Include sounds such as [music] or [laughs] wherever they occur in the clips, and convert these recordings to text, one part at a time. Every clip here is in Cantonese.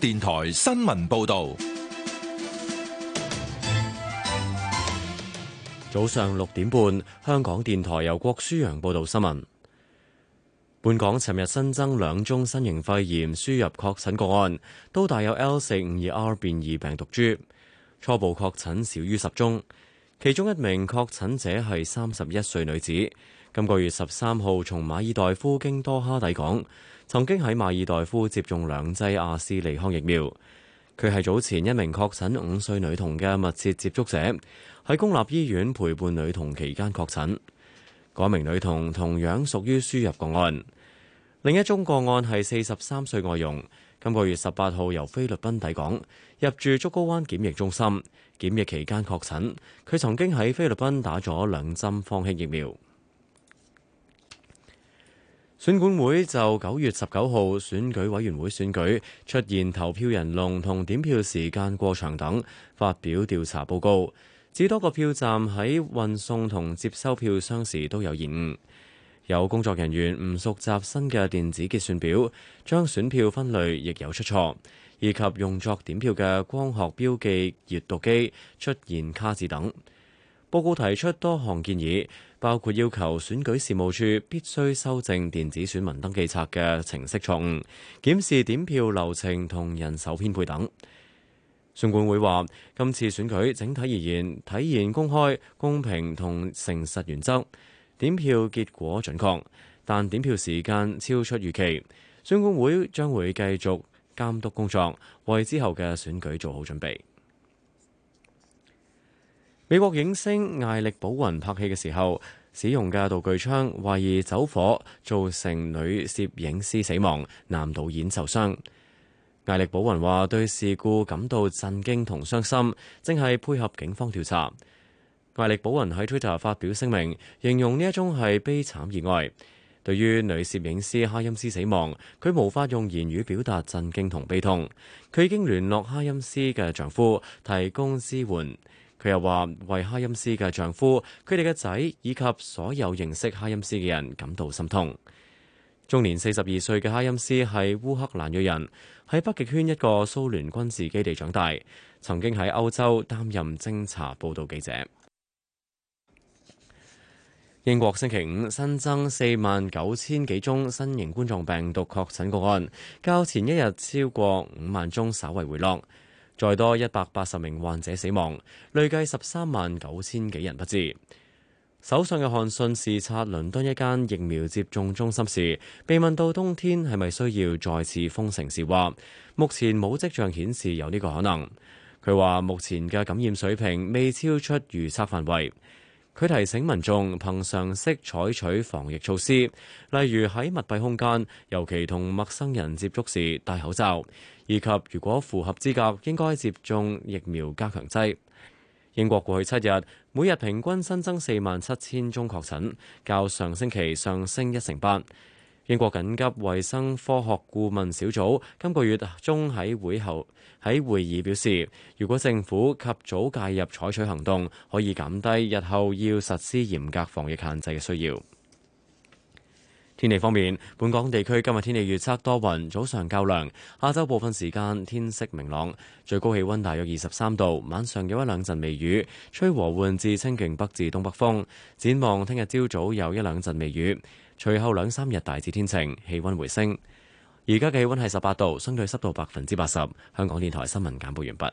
電台新聞報道：早上六點半，香港電台由郭舒揚報道新聞。本港尋日新增兩宗新型肺炎輸入確診個案，都帶有 L 四五二 R 變異病毒株，初步確診少於十宗。其中一名確診者係三十一歲女子，今個月十三號從馬爾代夫經多哈抵港。曾經喺馬爾代夫接種兩劑阿斯利康疫苗，佢係早前一名確診五歲女童嘅密切接觸者，喺公立醫院陪伴女童期間確診。嗰名女童同樣屬於輸入個案。另一宗個案係四十三歲外傭，今個月十八號由菲律賓抵港，入住竹篙灣檢疫中心，檢疫期間確診。佢曾經喺菲律賓打咗兩針方興疫苗。選管會就九月十九號選舉委員會選舉出現投票人龍同點票時間過長等，發表調查報告，指多個票站喺運送同接收票箱時都有延誤，有工作人員唔熟習新嘅電子結算表，將選票分類亦有出錯，以及用作點票嘅光學標記閱讀機出現卡字等。報告提出多項建議。包括要求選舉事務處必須修正電子選民登記冊嘅程式錯誤、檢視點票流程同人手編配等。選管會話：今次選舉整體而言體現公開、公平同誠實原則，點票結果準確，但點票時間超出預期。選管會將會繼續監督工作，為之後嘅選舉做好準備。美國影星艾力保雲拍戲嘅時候，使用嘅道具槍懷疑走火，造成女攝影師死亡，男導演受傷。艾力保雲話對事故感到震驚同傷心，正係配合警方調查。艾力保雲喺 Twitter 發表聲明，形容呢一宗係悲慘意外。對於女攝影師哈欽斯死亡，佢無法用言語表達震驚同悲痛。佢已經聯絡哈欽斯嘅丈夫，提供支援。佢又話：為哈音斯嘅丈夫、佢哋嘅仔以及所有認識哈音斯嘅人感到心痛。終年四十二歲嘅哈音斯係烏克蘭裔人，喺北極圈一個蘇聯軍事基地長大，曾經喺歐洲擔任偵查報道記者。英國星期五新增四萬九千幾宗新型冠狀病毒確診個案，較前一日超過五萬宗，稍微回落。再多一百八十名患者死亡，累計十三萬九千幾人不治。首相約翰遜視察倫敦一間疫苗接種中心時，被問到冬天係咪需要再次封城時話，目前冇跡象顯示有呢個可能。佢話目前嘅感染水平未超出預測範圍。佢提醒民眾憑常識採取防疫措施，例如喺密閉空間，尤其同陌生人接觸時戴口罩，以及如果符合資格，應該接種疫苗加強劑。英國過去七日每日平均新增四萬七千宗確診，較上星期上升一成八。英國緊急衛生科學顧問小組今個月中喺會後喺會議表示，如果政府及早介入採取行動，可以減低日後要實施嚴格防疫限制嘅需要。天氣方面，本港地區今日天，天氣預測多雲，早上較涼，下晝部分時間天色明朗，最高氣温大約二十三度，晚上有一兩陣微雨，吹和緩至清勁北至東北風。展望聽日朝早有一兩陣微雨。隨後兩三日大致天晴，氣温回升。而家嘅氣温係十八度，相對濕度百分之八十。香港電台新聞簡報完畢。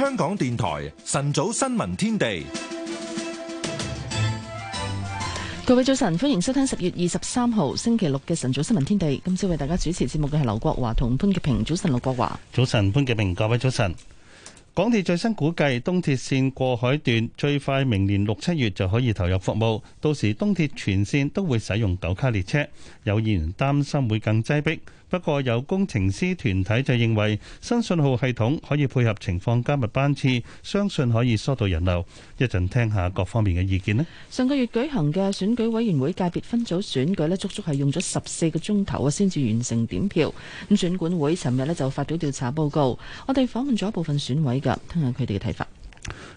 香港電台晨早新聞天地。各位早晨，歡迎收聽十月二十三號星期六嘅晨早新聞天地。今朝為大家主持節目嘅係劉國華同潘潔平。早晨，劉國華。早晨，潘潔平。各位早晨。港鐵最新估計，東鐵線過海段最快明年六七月就可以投入服務，到時東鐵全線都會使用九卡列車。有議員擔心會更擠迫。不過有工程師團體就認為，新信號系統可以配合情況加密班次，相信可以疏導人流。一陣聽下各方面嘅意見咧。上個月舉行嘅選舉委員會界別分組選舉咧，足足係用咗十四個鐘頭啊，先至完成點票。咁選管會尋日咧就發表調查報告。我哋訪問咗一部分選委㗎，聽下佢哋嘅睇法。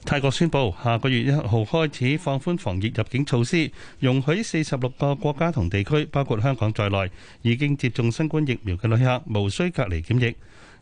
泰國宣布下個月一號開始放寬防疫入境措施，容許四十六個國家同地區，包括香港在內，已經接種新冠疫苗嘅旅客，無需隔離檢疫。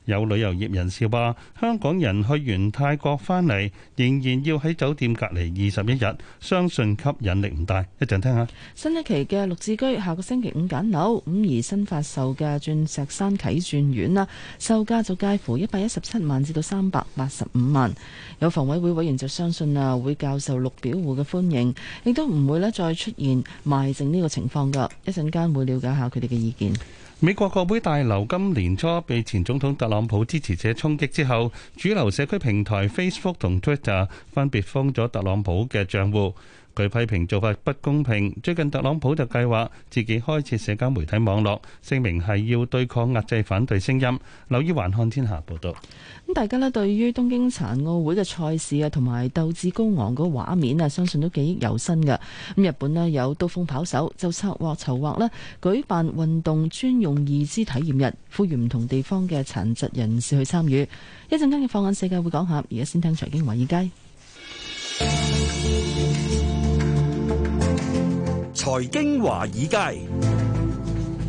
有旅遊業人士話：香港人去完泰國翻嚟，仍然要喺酒店隔離二十一日，相信吸引力唔大。一陣聽下新一期嘅綠置居，下個星期五揀樓。咁而新發售嘅鑽石山啟鑽苑啦，售價就介乎一百一十七萬至到三百八十五萬。有房委會委員就相信啊，會較受綠表戶嘅歡迎，亦都唔會咧再出現賣剩呢個情況㗎。一陣間會了解下佢哋嘅意見。美國國會大樓今年初被前總統特特朗普支持者衝擊之後，主流社區平台 Facebook 同 Twitter 分別封咗特朗普嘅帳戶。佢批評做法不公平。最近特朗普就計劃自己開設社交媒體網絡，聲明係要對抗壓制反對聲音。留意環看天下報導。咁，大家咧對於東京殘奧會嘅賽事啊，同埋鬥志高昂嗰畫面啊，相信都記憶猶新嘅。咁日本咧有刀鋒跑手就策劃籌劃咧舉辦運動專用義肢體驗日，呼籲唔同地方嘅殘疾人士去參與。一陣間嘅放眼世界會講下，而家先聽財經華爾街。財經華爾街，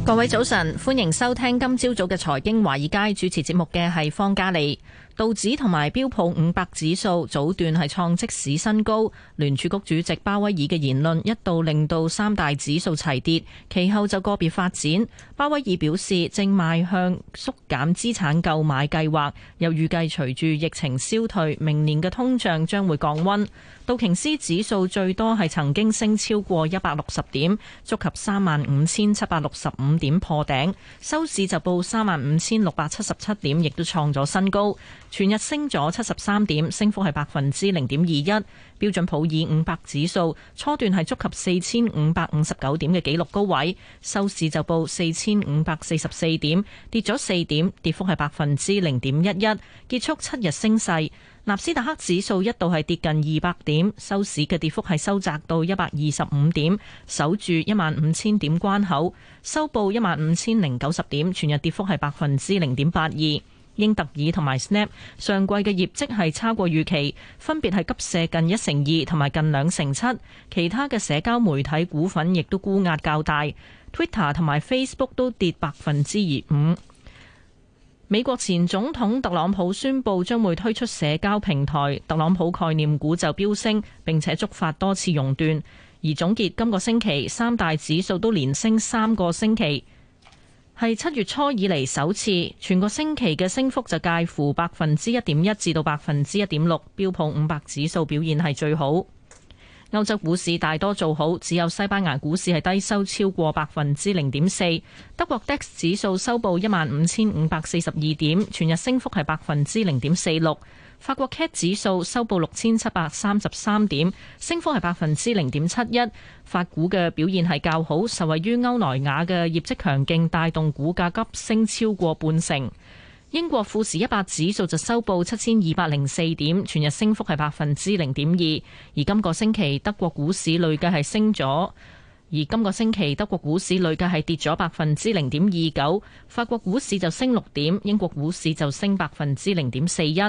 各位早晨，歡迎收聽今朝早嘅財經華爾街，主持節目嘅係方嘉利。道指同埋標普五百指數早段係創即市新高，聯儲局主席鮑威爾嘅言論一度令到三大指數齊跌，其後就個別發展。鮑威爾表示正邁向縮減資產購買計劃，又預計隨住疫情消退，明年嘅通脹將會降溫。道瓊斯指數最多係曾經升超過一百六十點，觸及三萬五千七百六十五點破頂，收市就報三萬五千六百七十七點亦都創咗新高，全日升咗七十三點，升幅係百分之零點二一。標準普爾五百指數初段係觸及四千五百五十九點嘅紀錄高位，收市就報四千五百四十四點，跌咗四點，跌幅係百分之零點一一，結束七日升勢。納斯達克指數一度係跌近二百點，收市嘅跌幅係收窄到一百二十五點，守住一萬五千點關口，收報一萬五千零九十點，全日跌幅係百分之零點八二。英特爾同埋 Snap 上季嘅業績係差過預期，分別係急瀉近一成二同埋近兩成七。其他嘅社交媒體股份亦都沽壓較大，Twitter 同埋 Facebook 都跌百分之二五。美國前總統特朗普宣布將會推出社交平台，特朗普概念股就飆升，並且觸發多次熔斷。而總結今個星期三大指數都連升三個星期，係七月初以嚟首次。全個星期嘅升幅就介乎百分之一點一至到百分之一點六，標普五百指數表現係最好。歐洲股市大多做好，只有西班牙股市係低收超過百分之零點四。德國 DAX 指數收報一萬五千五百四十二點，全日升幅係百分之零點四六。法國 CAC 指數收報六千七百三十三點，升幅係百分之零點七一。法股嘅表現係較好，受惠於歐萊雅嘅業績強勁，帶動股價急升超過半成。英國富時一百指數就收報七千二百零四點，全日升幅係百分之零點二。而今個星期德國股市累計係升咗，而今個星期德國股市累計係跌咗百分之零點二九。法國股市就升六點，英國股市就升百分之零點四一。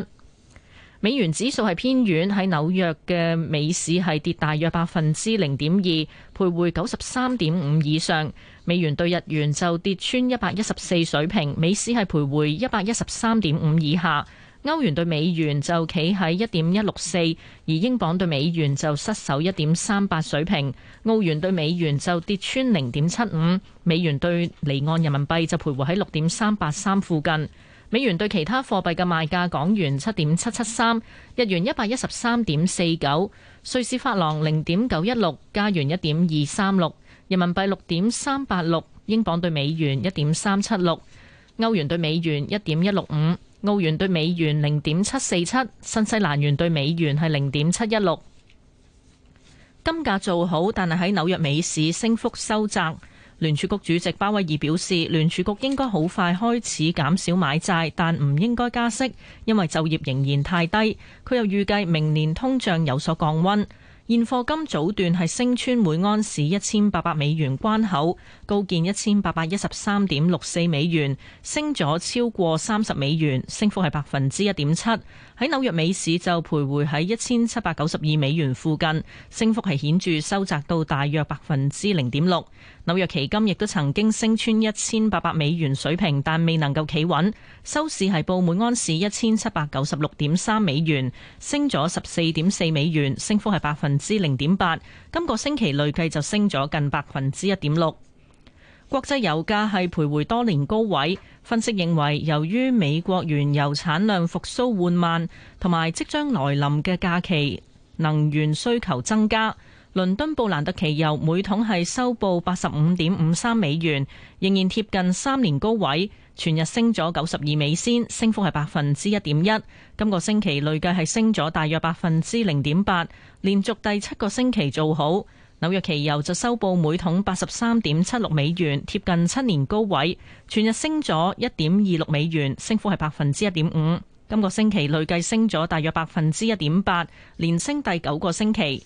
美元指數係偏軟，喺紐約嘅美市係跌大約百分之零點二，徘徊九十三點五以上。美元兌日元就跌穿一百一十四水平，美市係徘徊一百一十三點五以下。歐元兌美元就企喺一點一六四，而英鎊兌美元就失守一點三八水平。澳元兌美元就跌穿零點七五，美元兌離岸人民幣就徘徊喺六點三八三附近。美元對其他貨幣嘅賣價港元七點七七三，日元一百一十三點四九，瑞士法郎零點九一六，加元一點二三六。人民幣六點三八六，英鎊兌美元一點三七六，歐元兌美元一點一六五，澳元兌美元零點七四七，新西蘭元兌美元係零點七一六。金價做好，但係喺紐約美市升幅收窄。聯儲局主席鮑威爾表示，聯儲局應該好快開始減少買債，但唔應該加息，因為就業仍然太低。佢又預計明年通脹有所降温。現貨金早段係升穿每安士一千八百美元關口，高見一千八百一十三點六四美元，升咗超過三十美元，升幅係百分之一點七。喺紐約美市就徘徊喺一千七百九十二美元附近，升幅係顯著收窄到大約百分之零點六。紐約期金亦都曾經升穿一千八百美元水平，但未能夠企穩。收市係報每安士一千七百九十六點三美元，升咗十四點四美元，升幅係百分之零點八。今個星期累計就升咗近百分之一點六。國際油價係徘徊多年高位，分析認為由於美國原油產量復甦緩慢，同埋即將來臨嘅假期能源需求增加。倫敦布蘭特期油每桶係收報八十五點五三美元，仍然貼近三年高位，全日升咗九十二美仙，升幅係百分之一點一。今個星期累計係升咗大約百分之零點八，連續第七個星期做好。紐約期油就收報每桶八十三點七六美元，貼近七年高位，全日升咗一點二六美元，升幅係百分之一點五。今個星期累計升咗大約百分之一點八，連升第九個星期。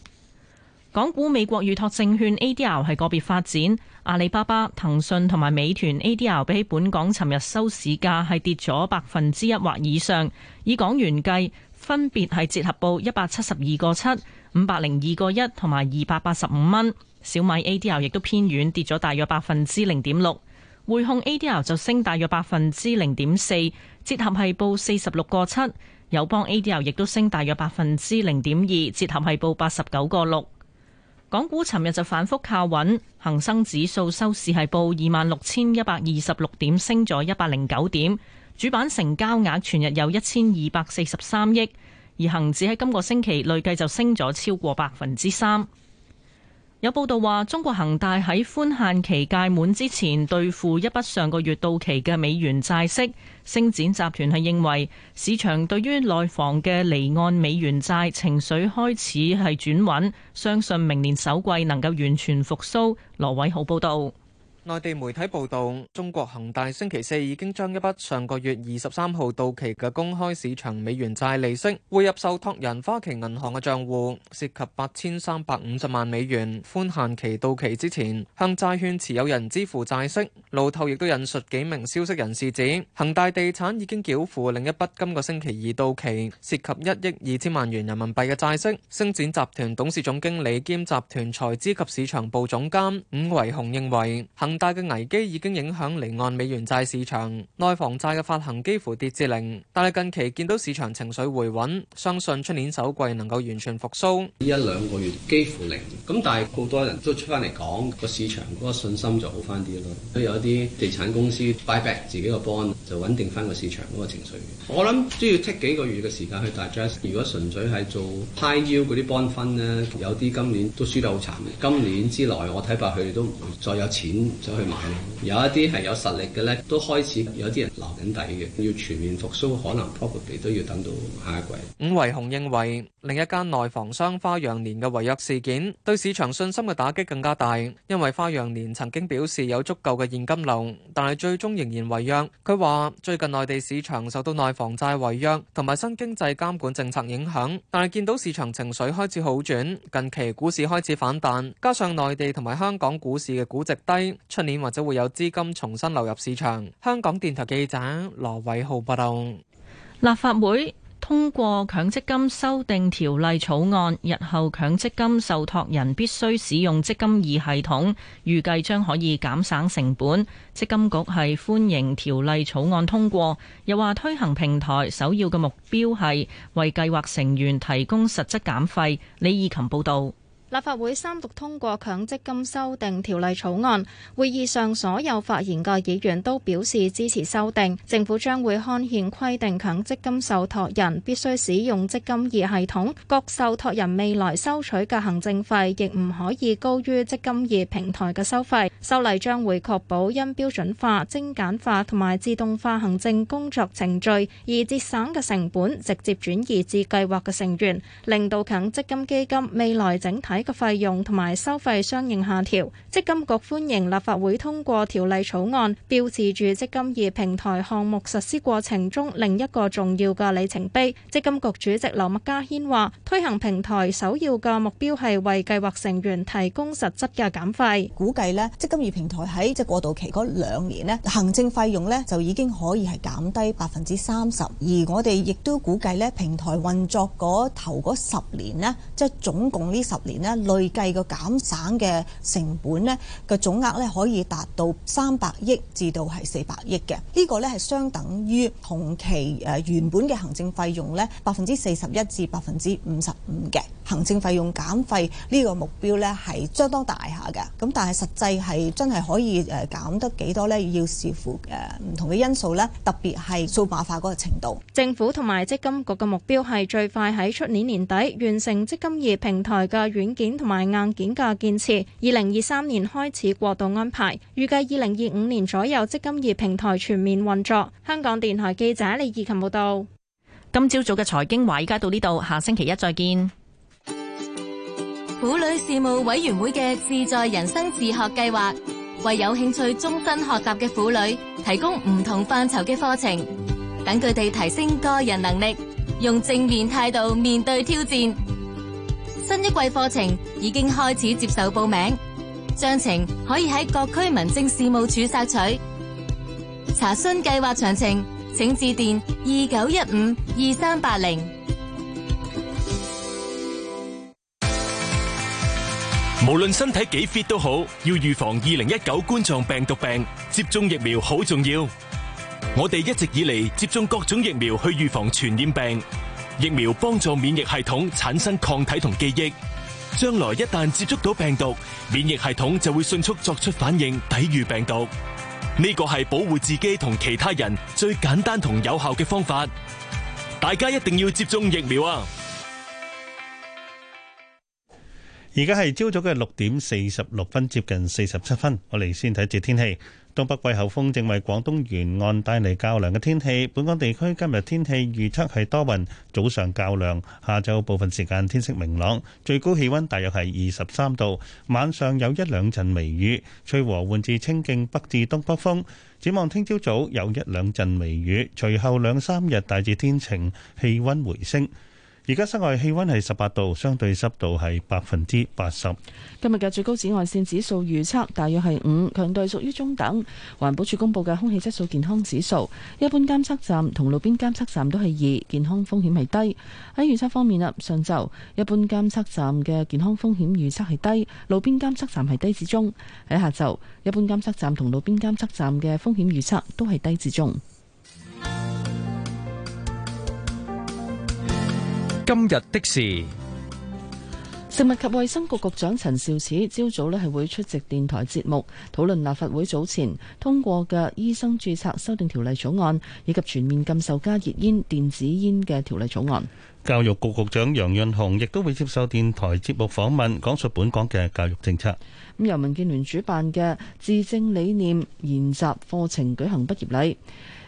港股、美國預託證券 A.D.R 係個別發展。阿里巴巴、騰訊同埋美團 A.D.R 比起本港尋日收市價係跌咗百分之一或以上，以港元計，分別係折合報一百七十二個七、五百零二個一，同埋二百八十五蚊。小米 A.D.R 亦都偏軟，跌咗大約百分之零點六。匯控 A.D.R 就升大約百分之零點四，折合係報四十六個七。友邦 A.D.R 亦都升大約百分之零點二，折合係報八十九個六。港股尋日就反覆靠穩，恒生指數收市係報二萬六千一百二十六點，升咗一百零九點。主板成交額全日有一千二百四十三億，而恒指喺今個星期累計就升咗超過百分之三。有報道話，中國恒大喺寬限期屆滿之前兌付一筆上個月到期嘅美元債息。星展集團係認為，市場對於內房嘅離岸美元債情緒開始係轉穩，相信明年首季能夠完全復甦。羅偉豪報道。內地媒體報道，中國恒大星期四已經將一筆上個月二十三號到期嘅公開市場美元債利息匯入受託人花旗銀行嘅賬戶，涉及八千三百五十萬美元，寬限期到期之前向債券持有人支付債息。路透亦都引述幾名消息人士指，恒大地產已經繳付另一筆今個星期二到期、涉及一億二千萬元人民幣嘅債息。星展集團董事總經理兼集團財資及市場部總監伍維雄認為，恒大嘅危機已經影響離岸美元債市場，內房債嘅發行幾乎跌至零。但係近期見到市場情緒回穩，相信出年首季能夠完全復甦。呢一兩個月幾乎零咁，但係好多人都出翻嚟講，個市場嗰個信心就好翻啲咯。都有一啲地產公司 buy back 自己個 bond，就穩定翻個市場嗰個情緒。我諗都要 take 幾個月嘅時間去大。如果純粹係做 high yield 嗰啲 bond 分呢，有啲今年都輸得好慘。今年之內我睇法佢哋都唔會再有錢。去買有一啲係有實力嘅咧，都開始有啲人留緊底嘅。要全面復甦，可能 property 都要等到下一季。伍維雄認為，另一間內房商花樣年嘅違約事件對市場信心嘅打擊更加大，因為花樣年曾經表示有足夠嘅現金流，但係最終仍然違約。佢話：最近內地市場受到內房債違約同埋新經濟監管政策影響，但係見到市場情緒開始好轉，近期股市開始反彈，加上內地同埋香港股市嘅估值低。出年或者會有資金重新流入市場。香港電台記者羅偉浩報道，立法會通過強積金修訂條例草案，日後強積金受託人必須使用積金二系統，預計將可以減省成本。積金局係歡迎條例草案通過，又話推行平台首要嘅目標係為計劃成員提供實質減費。李義琴報道。立法會三讀通過強積金修訂條例草案，會議上所有發言嘅議員都表示支持修訂。政府將會刊憲規定強積金受託人必須使用積金二系統，各受託人未來收取嘅行政費亦唔可以高於積金二平台嘅收費。修例將會確保因標準化、精簡化同埋自動化行政工作程序而節省嘅成本，直接轉移至計劃嘅成員，令到強積金基金未來整體一個費用同埋收費相應下調，積金局歡迎立法會通過條例草案，標誌住積金易平台項目實施過程中另一個重要嘅里程碑。積金局主席劉麥嘉軒話：推行平台首要嘅目標係為計劃成員提供實質嘅減費。估計咧，積金易平台喺即過渡期嗰兩年咧，行政費用咧就已經可以係減低百分之三十，而我哋亦都估計咧，平台運作嗰頭嗰十年咧，即係總共呢十年咧。累計個減省嘅成本咧，個總額咧可以達到三百億至到係四百億嘅，呢個咧係相等於同期誒，原本嘅行政費用咧百分之四十一至百分之五十五嘅行政費用減費，呢個目標咧係相當大下嘅。咁但係實際係真係可以誒減得幾多咧，要視乎誒唔同嘅因素咧，特別係數碼化嗰個程度。政府同埋積金局嘅目標係最快喺出年年底完成積金業平台嘅軟件同埋硬件嘅建設，二零二三年開始過渡安排，預計二零二五年左右，積金業平台全面運作。香港電台記者李義琴報道。今朝早嘅財經話，而家到呢度，下星期一再見。婦女事務委員會嘅自在人生自學計劃，為有興趣終身學習嘅婦女提供唔同範疇嘅課程，等佢哋提升個人能力，用正面態度面對挑戰。新一季課程已經開始接受報名，詳情可以喺各區民政事務處索取。查詢計劃詳情，請致電二九一五二三八零。無論身體幾 fit 都好，要預防二零一九冠狀病毒病，接種疫苗好重要。我哋一直以嚟接種各種疫苗去預防傳染病。疫苗幫助免疫系統產生抗體同記憶，將來一旦接觸到病毒，免疫系統就會迅速作出反應抵禦病毒。呢個係保護自己同其他人最簡單同有效嘅方法。大家一定要接種疫苗啊！而家係朝早嘅六點四十六分，接近四十七分，我哋先睇一節天氣。東北季候風正為廣東沿岸帶嚟較涼嘅天氣，本港地區今日天氣預測係多雲，早上較涼，下晝部分時間天色明朗，最高氣溫大約係二十三度，晚上有一兩陣微雨，吹和緩至清勁北至東北風，展望聽朝早有一兩陣微雨，隨後兩三日大致天晴，氣溫回升。而家室外氣溫係十八度，相對濕度係百分之八十。今日嘅最高紫外線指數預測大約係五，強度屬於中等。環保署公布嘅空氣質素健康指數，一般監測站同路邊監測站都係二，健康風險係低。喺預測方面啊，上晝一般監測站嘅健康風險預測係低，路邊監測站係低至中。喺下晝，一般監測站同路邊監測站嘅風險預測都係低至中。今日的事，食物及衛生局局長陳肇始朝早呢係會出席電台節目，討論立法會早前通過嘅醫生註冊修訂條例草案，以及全面禁售加熱煙、電子煙嘅條例草案。教育局局長楊潤雄亦都會接受電台節目訪問，講述本港嘅教育政策。咁由民建聯主辦嘅治政理念研習課程舉行畢業禮。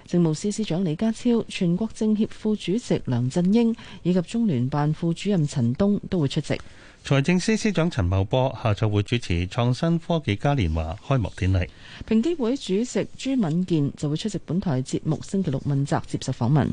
政務司司長李家超、全國政協副主席梁振英以及中聯辦副主任陳東都會出席。財政司司長陳茂波下晝會主持創新科技嘉年華開幕典禮。平機會主席朱敏健就會出席本台節目星期六問責接受訪問。.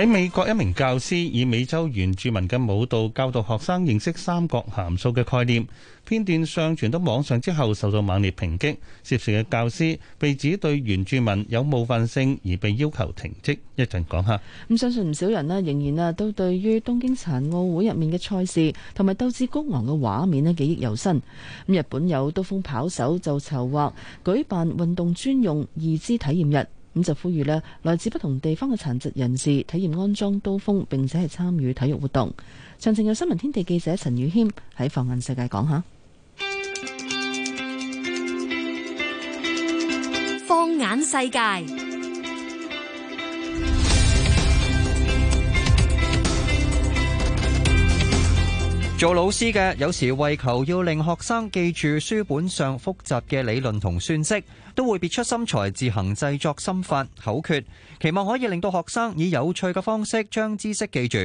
喺美國，一名教師以美洲原住民嘅舞蹈教導學生認識三角函數嘅概念片段上傳到網上之後，受到猛烈抨擊。涉事嘅教師被指對原住民有冒犯性，而被要求停職。一陣講下，咁相信唔少人咧仍然咧都對於東京殘奧會入面嘅賽事同埋鬥志高昂嘅畫面咧記憶猶新。咁日本有刀鋒跑手就籌劃舉辦運動專用義肢體驗日。咁就呼籲咧，來自不同地方嘅殘疾人士體驗安裝刀鋒，並且係參與體育活動。詳情有新聞天地記者陳宇謙喺放眼世界講下。放眼世界。做老師嘅，有時為求要令學生記住書本上複雜嘅理論同算式，都會別出心裁自行製作心法口訣，期望可以令到學生以有趣嘅方式將知識記住。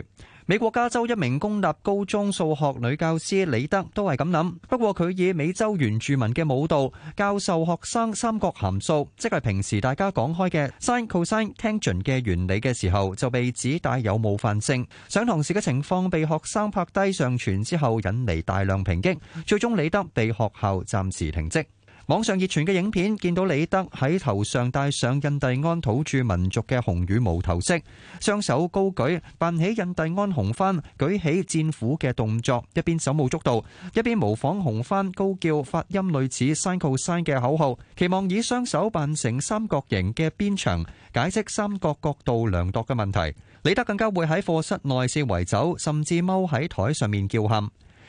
美國加州一名公立高中數學女教師李德都係咁諗，不過佢以美洲原住民嘅舞蹈教授學生三角函數，即係平時大家講開嘅 sine、cosine、tangent 嘅原理嘅時候，就被指帶有冒犯性。上堂時嘅情況被學生拍低上傳之後，引嚟大量抨擊，最終李德被學校暫時停職。網上熱傳嘅影片，見到李德喺頭上戴上印第安土著民族嘅紅羽毛頭飾，雙手高舉扮起印第安紅番，舉起戰斧嘅動作，一邊手舞足蹈，一邊模仿紅番高叫發音類似山靠山嘅口號，期望以雙手扮成三角形嘅邊長，解釋三角角度量度嘅問題。李德更加會喺課室內四圍走，甚至踎喺台上面叫喊。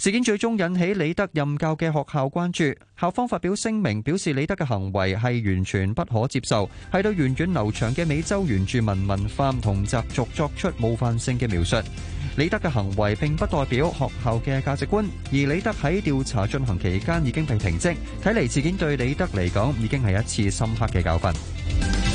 事件最終引起李德任教嘅學校關注，校方發表聲明表示李德嘅行為係完全不可接受，係對源遠流長嘅美洲原住民文化同習俗作出冒犯性嘅描述。李德嘅行為並不代表學校嘅價值觀，而李德喺調查進行期間已經被停職，睇嚟事件對李德嚟講已經係一次深刻嘅教訓。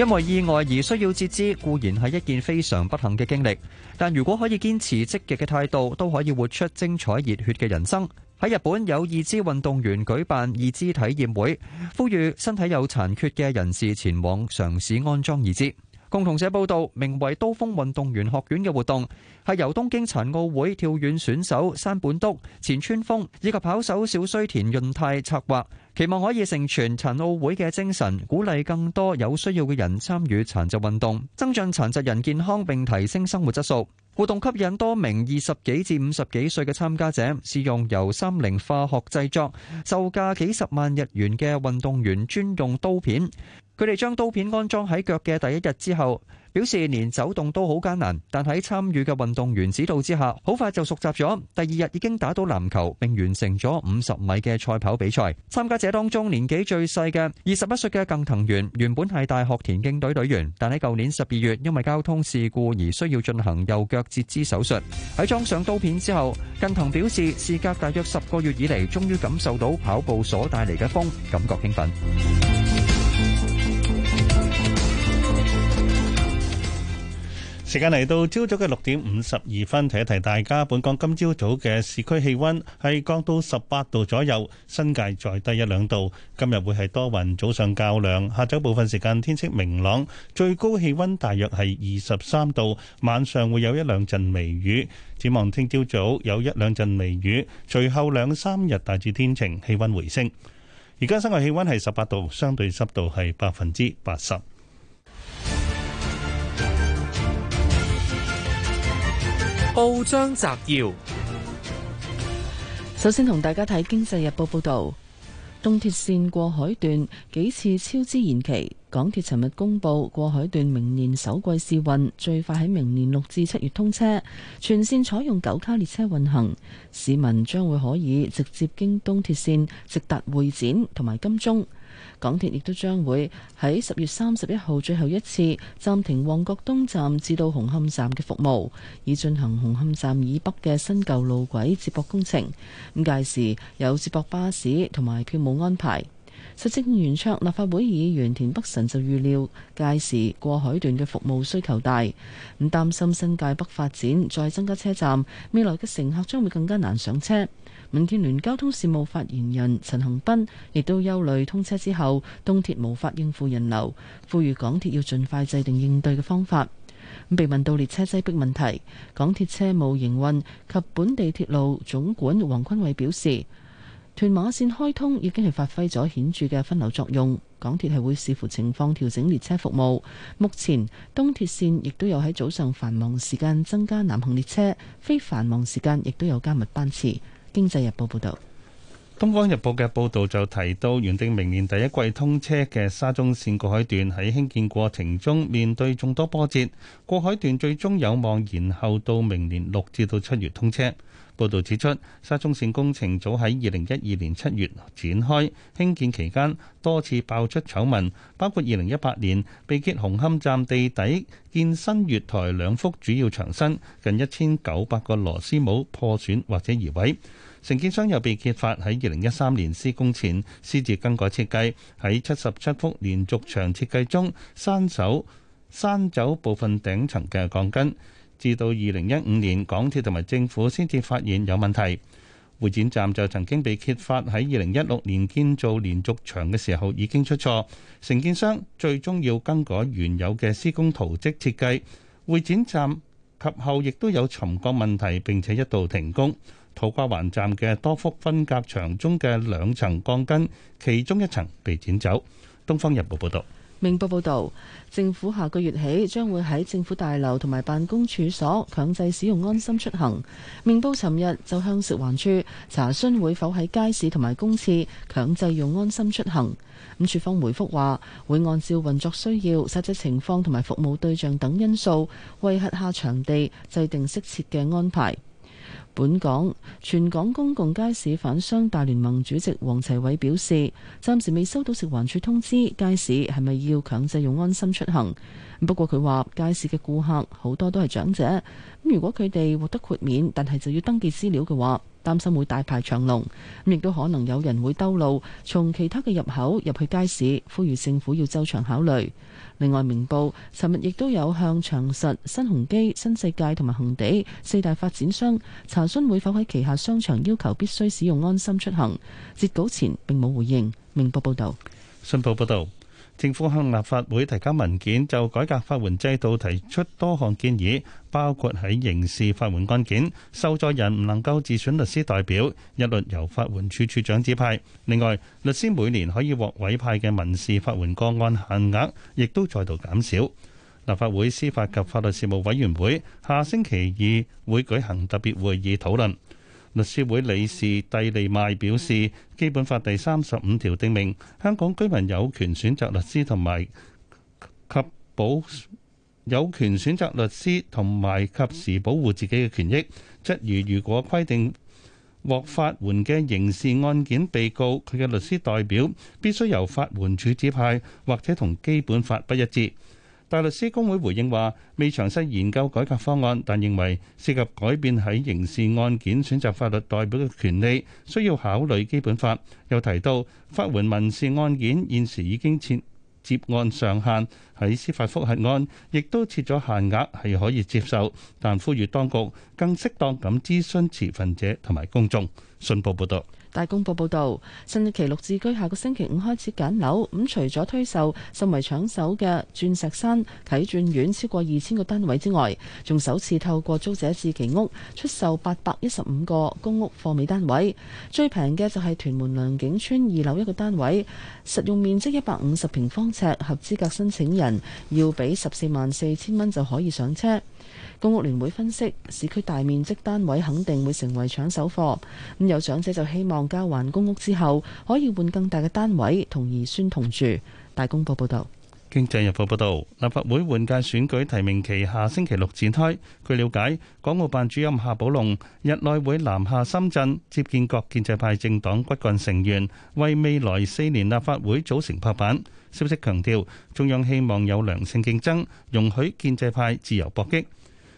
因為意外而需要截肢，固然係一件非常不幸嘅經歷。但如果可以堅持積極嘅態度，都可以活出精彩熱血嘅人生。喺日本，有義肢運動員舉辦義肢體驗會，呼籲身體有殘缺嘅人士前往嘗試安裝義肢。共同社報道，名為刀鋒運動員學院嘅活動，係由東京殘奧會跳遠選手，山本篤，前川峰，以及跑手小須田潤太策劃。期望可以成全殘奧會嘅精神，鼓勵更多有需要嘅人參與殘疾運動，增進殘疾人健康並提升生活質素。活動吸引多名二十幾至五十幾歲嘅參加者，使用由三菱化學製作，售價幾十萬日元嘅運動員專用刀片。佢哋將刀片安裝喺腳嘅第一日之後，表示連走動都好艱難，但喺參與嘅運動員指導之下，好快就熟習咗。第二日已經打到籃球，並完成咗五十米嘅賽跑比賽。參加者當中年紀最細嘅二十一歲嘅近藤源，原本係大學田徑隊隊員，但喺舊年十二月因為交通事故而需要進行右腳截肢手術。喺裝上刀片之後，近藤表示，事隔大約十個月以嚟，終於感受到跑步所帶嚟嘅風，感覺興奮。時間嚟到朝早嘅六點五十二分，提一提大家。本港今朝早嘅市區氣溫係降到十八度左右，新界再低一兩度。今日會係多雲，早上較涼，下晝部分時間天色明朗，最高氣溫大約係二十三度。晚上會有一兩陣微雨，展望聽朝早，早有一兩陣微雨，隨後兩三日大致天晴，氣溫回升。而家室外氣溫係十八度，相對濕度係百分之八十。報章摘要：首先同大家睇《經濟日報》報道，東鐵綫過海段幾次超支延期，港鐵尋日公布，過海段明年首季試運，最快喺明年六至七月通車，全線採用九卡列車運行，市民將會可以直接經東鐵綫直達會展同埋金鐘。港鐵亦都將會喺十月三十一號最後一次暫停旺角東站至到紅磡站嘅服務，以進行紅磡站以北嘅新舊路軌接駁工程。咁屆時有接駁巴士同埋票務安排。實政圓桌立法會議員田北辰就預料屆時過海段嘅服務需求大，咁擔心新界北發展再增加車站，未來嘅乘客將會更加難上車。民建聯交通事務發言人陳恒斌亦都憂慮通車之後東鐵無法應付人流，呼籲港鐵要盡快制定應對嘅方法。被問到列車擠逼問題，港鐵車務營運及本地鐵路總管黃坤偉表示，屯馬綫開通已經係發揮咗顯著嘅分流作用，港鐵係會視乎情況調整列車服務。目前東鐵綫亦都有喺早上繁忙時間增加南行列車，非繁忙時間亦都有加密班次。經濟日報報道，東方日報嘅報道就提到，原定明年第一季通車嘅沙中線過海段喺興建過程中面對眾多波折，過海段最終有望延後到明年六至到七月通車。報道指出，沙中線工程早喺二零一二年七月展開，興建期間，多次爆出醜聞，包括二零一八年被揭紅磡站地底建新月台兩幅主要牆身近一千九百個螺絲帽破損或者移位，承建商又被揭發喺二零一三年施工前私自更改設計，喺七十七幅連續牆設計中刪走刪走部分頂層嘅鋼筋。至到二零一五年，港鐵同埋政府先至發現有問題。會展站就曾經被揭發喺二零一六年建造連續牆嘅時候已經出錯。承建商最終要更改原有嘅施工圖則設計。會展站及後亦都有沉降問題，並且一度停工。土瓜灣站嘅多幅分隔牆中嘅兩層鋼筋，其中一層被剪走。《東方日報》報道。明報報導，政府下個月起將會喺政府大樓同埋辦公處所強制使用安心出行。明報尋日就向食環署查詢會否喺街市同埋公廁強制用安心出行。咁處方回覆話，會按照運作需要、實際情況同埋服務對象等因素，為轄下場地制定適切嘅安排。本港全港公共街市販商大聯盟主席黃齊偉表示，暫時未收到食環署通知，街市係咪要強制用安心出行？不過佢話街市嘅顧客好多都係長者，咁如果佢哋獲得豁免，但係就要登記資料嘅話，擔心會大排長龍，咁亦都可能有人會兜路從其他嘅入口入去街市，呼籲政府要周詳考慮。另外，明報尋日亦都有向長實、新鴻基、新世界同埋恒地四大發展商查詢會否喺旗下商場要求必須使用安心出行，截稿前並冇回應。明報報道。信報報導。政府向立法會提交文件，就改革法援制度提出多項建議，包括喺刑事法援案件，受助人唔能夠自選律師代表，一律由法援處處長指派。另外，律師每年可以獲委派嘅民事法援個案限額亦都再度減少。立法會司法及法律事務委員會下星期二會舉行特別會議討論。律師會理事蒂利邁表示，《基本法》第三十五條定明香港居民有權選擇律師，同埋及保有權選擇律師，同埋及時保護自己嘅權益。質疑，如果規定獲法援嘅刑事案件被告佢嘅律師代表必須由法援處指派，或者同《基本法》不一致。大律師公會回應話：未詳細研究改革方案，但認為涉及改變喺刑事案件選擇法律代表嘅權利，需要考慮基本法。又提到法援民事案件現時已經設接案上限，喺司法覆核案亦都設咗限額，係可以接受，但呼籲當局更適當咁諮詢持份者同埋公眾。信報報道。大公報報導，新一期綠置居下個星期五開始揀樓，咁除咗推售甚為搶手嘅鑽石山啟鑽苑超過二千個單位之外，仲首次透過租者置其屋出售八百一十五個公屋貨尾單位，最平嘅就係屯門良景村二樓一個單位，實用面積一百五十平方尺，合資格申請人要俾十四萬四千蚊就可以上車。公屋聯會分析，市區大面積單位肯定會成為搶手貨。咁有長者就希望交還公屋之後，可以換更大嘅單位同兒孫同住。大公報報導，《經濟日報》報導，立法會換屆選舉提名期下星期六展開。據瞭解，港澳辦主任夏寶龍日內會南下深圳接見各建制派政黨骨幹成員，為未來四年立法會組成拍板。消息強調，中央希望有良性競爭，容許建制派自由搏擊。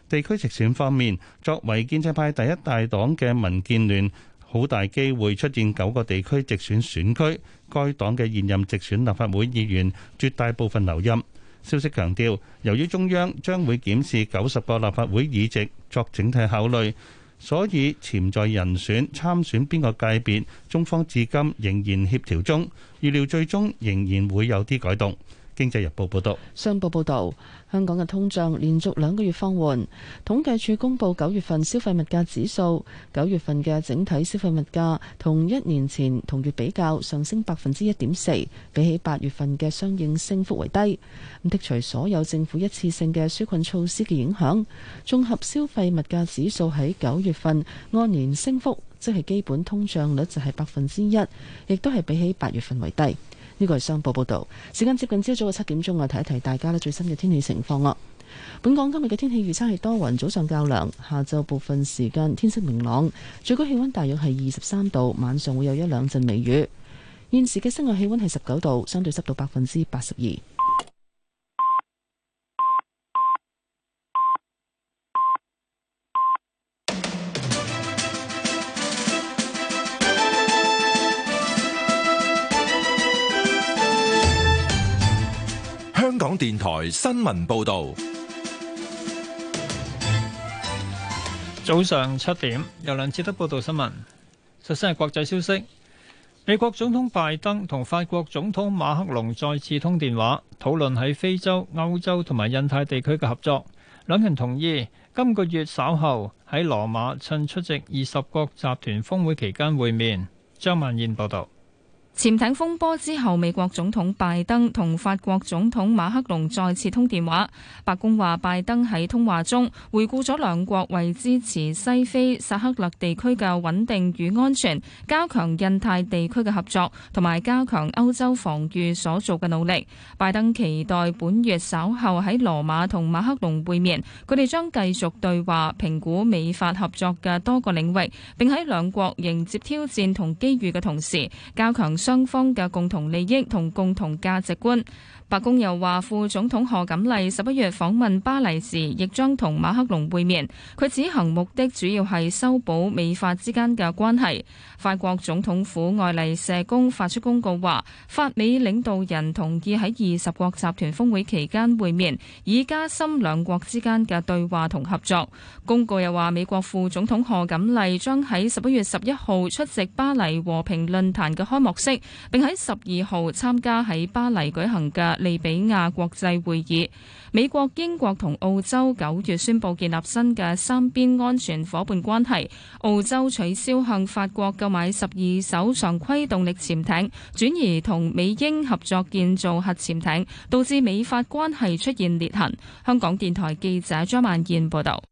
地區直選方面，作為建制派第一大黨嘅民建聯，好大機會出現九個地區直選選區，該黨嘅現任直選立法會議員絕大部分留任。消息強調，由於中央將會檢視九十個立法會議席，作整體考慮。所以潛在人選參選邊個界別，中方至今仍然協調中，預料最終仍然會有啲改動。經濟日報報道，商報報道，香港嘅通脹連續兩個月放緩。統計處公布九月份消費物價指數，九月份嘅整體消費物價同一年前同月比較上升百分之一點四，比起八月份嘅相應升幅為低。剔除所有政府一次性嘅紓困措施嘅影響，綜合消費物價指數喺九月份按年升幅，即係基本通脹率就係百分之一，亦都係比起八月份為低。呢個係商報報道，時間接近朝早嘅七點鐘啊，提一提大家咧，最新嘅天氣情況啦。本港今日嘅天氣預測係多雲，早上較涼，下晝部分時間天色明朗，最高氣溫大約係二十三度，晚上會有一兩陣微雨。現時嘅室外氣溫係十九度，相對濕度百分之八十二。香港電台新聞報道，早上七點有兩次都報道新聞。首先係國際消息，美國總統拜登同法國總統馬克龍再次通電話，討論喺非洲、歐洲同埋印太地區嘅合作。兩人同意今個月稍後喺羅馬，趁出席二十國集團峰會期間會面。張萬燕報道。潛艇風波之後，美國總統拜登同法國總統馬克龍再次通電話。白宮話，拜登喺通話中回顧咗兩國為支持西非薩赫勒地區嘅穩定與安全、加強印太地區嘅合作同埋加強歐洲防禦所做嘅努力。拜登期待本月稍後喺羅馬同馬克龍會面，佢哋將繼續對話，評估美法合作嘅多個領域，並喺兩國迎接挑戰同機遇嘅同時加強雙方嘅共同利益同共同價值觀。白宮又話，副總統賀錦麗十一月訪問巴黎時，亦將同馬克龍會面。佢此行目的主要係修補美法之間嘅關係。法國總統府愛麗舍宮發出公告話，法美領導人同意喺二十國集團峰會期間會面，以加深兩國之間嘅對話同合作。公告又話，美國副總統賀錦麗將喺十一月十一號出席巴黎和平論壇嘅開幕式，並喺十二號參加喺巴黎舉行嘅利比亞國際會議。美國、英國同澳洲九月宣布建立新嘅三邊安全夥伴關係。澳洲取消向法國購買十二艘常規動力潛艇，轉而同美英合作建造核潛艇，導致美法關係出現裂痕。香港電台記者張萬燕報道。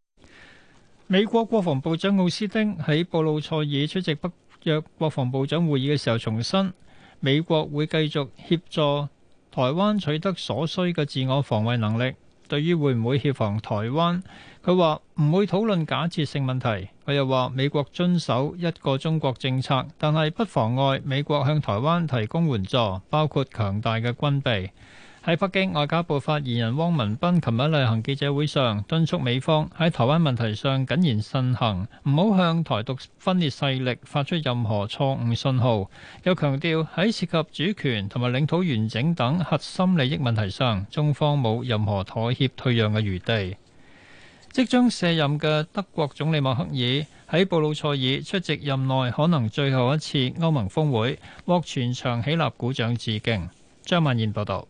美國國防部長奧斯汀喺布魯塞爾出席北約國防部長會議嘅時候，重申美國會繼續協助。台灣取得所需嘅自我防衛能力，對於會唔會協防台灣，佢話唔會討論假設性問題。佢又話美國遵守一個中國政策，但係不妨礙美國向台灣提供援助，包括強大嘅軍備。喺北京，外交部發言人汪文斌琴日例行記者會上敦促美方喺台灣問題上謹言慎行，唔好向台獨分裂勢力發出任何錯誤信號，又強調喺涉及主權同埋領土完整等核心利益問題上，中方冇任何妥協退讓嘅餘地。即將卸任嘅德國總理默克爾喺布魯塞爾出席任內可能最後一次歐盟峰會，獲全場起立鼓掌致敬。張曼燕報道。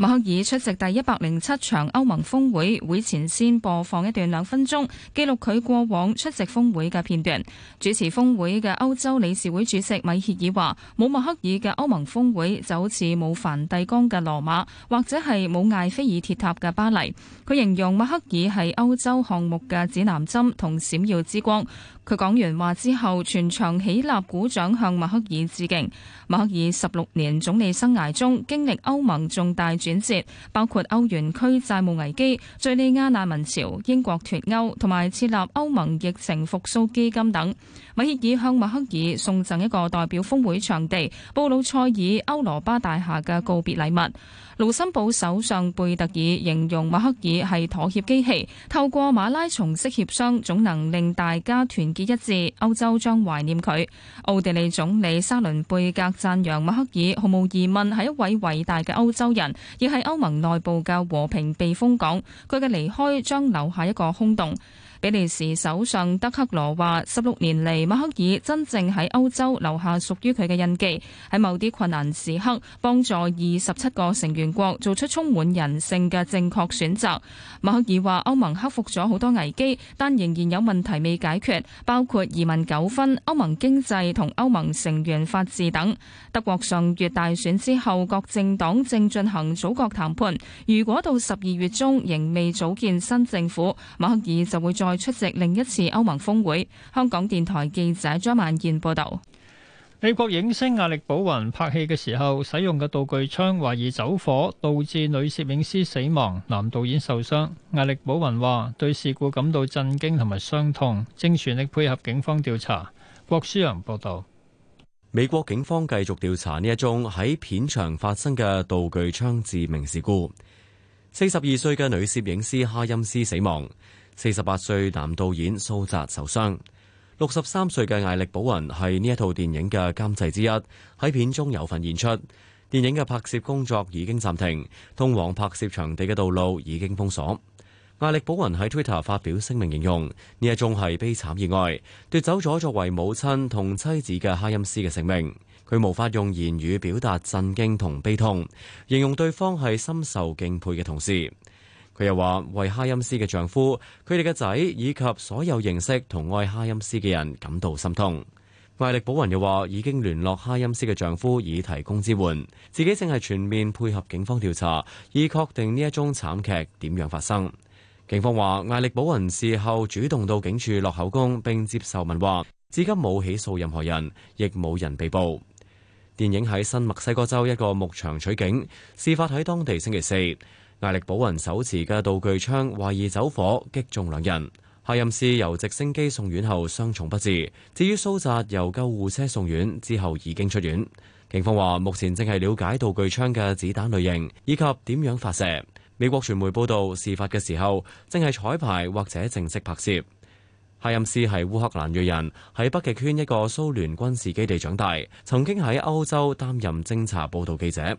默克爾出席第一百零七場歐盟峰會，會前先播放一段兩分鐘記錄佢過往出席峰會嘅片段。主持峰會嘅歐洲理事會主席米歇爾話，冇默克爾嘅歐盟峰會就好似冇梵蒂岡嘅羅馬，或者係冇艾菲爾鐵塔嘅巴黎。佢形容默克爾係歐洲項目嘅指南針同閃耀之光。佢講完話之後，全場起立鼓掌向默克爾致敬。默克爾十六年總理生涯中經歷歐盟重大轉折，包括歐元區債務危機、敍利亞難民潮、英國脱歐同埋設立歐盟疫情復甦基金等。米歇爾向默克爾送贈一個代表峰會場地布魯塞爾歐羅巴大廈嘅告別禮物。盧森堡首相貝特爾形容默克爾係妥協機器，透過馬拉松式協商，總能令大家團結一致。歐洲將懷念佢。奧地利總理沙倫貝格讚揚默克爾毫無疑問係一位偉大嘅歐洲人，亦係歐盟內部嘅和平避風港。佢嘅離開將留下一個空洞。比利時首相德克羅話：十六年嚟，馬克爾真正喺歐洲留下屬於佢嘅印記，喺某啲困難時刻幫助二十七個成員國做出充滿人性嘅正確選擇。馬克爾話：歐盟克服咗好多危機，但仍然有問題未解決，包括移民糾紛、歐盟經濟同歐盟成員法治等。德國上月大選之後，各政黨正進行組閣談判，如果到十二月中仍未組建新政府，馬克爾就會再出席另一次歐盟峰會。香港電台記者張萬健報道。美國影星阿力保雲拍戲嘅時候，使用嘅道具槍懷疑走火，導致女攝影師死亡，男導演受傷。阿力保雲話：對事故感到震驚同埋傷痛，正全力配合警方調查。郭書陽報道。美國警方繼續調查呢一宗喺片場發生嘅道具槍致命事故。四十二歲嘅女攝影師哈欽斯死亡。四十八歲男導演蘇澤受傷，六十三歲嘅艾力寶雲係呢一套電影嘅監製之一，喺片中有份演出。電影嘅拍攝工作已經暫停，通往拍攝場地嘅道路已經封鎖。艾力寶雲喺 Twitter 發表聲明，形容呢一宗係悲慘意外，奪走咗作為母親同妻子嘅哈欽斯嘅性命。佢無法用言語表達震驚同悲痛，形容對方係深受敬佩嘅同事。佢又話：為哈欽斯嘅丈夫、佢哋嘅仔以及所有認識同愛哈欽斯嘅人感到心痛。艾力保雲又話：已經聯絡哈欽斯嘅丈夫，以提供支援。自己正係全面配合警方調查，以確定呢一宗慘劇點樣發生。警方話：艾力保雲事後主動到警署落口供並接受問話，至今冇起訴任何人，亦冇人被捕。電影喺新墨西哥州一個牧場取景，事發喺當地星期四。艾力保雲手持嘅道具槍懷疑走火，擊中兩人。哈任斯由直升機送院後傷重不治，至於蘇扎由救護車送院之後已經出院。警方話，目前正係了解道具槍嘅子彈類型以及點樣發射。美國傳媒報道事發嘅時候正係彩排或者正式拍攝。哈任斯係烏克蘭裔人，喺北極圈一個蘇聯軍事基地長大，曾經喺歐洲擔任偵查報道記者。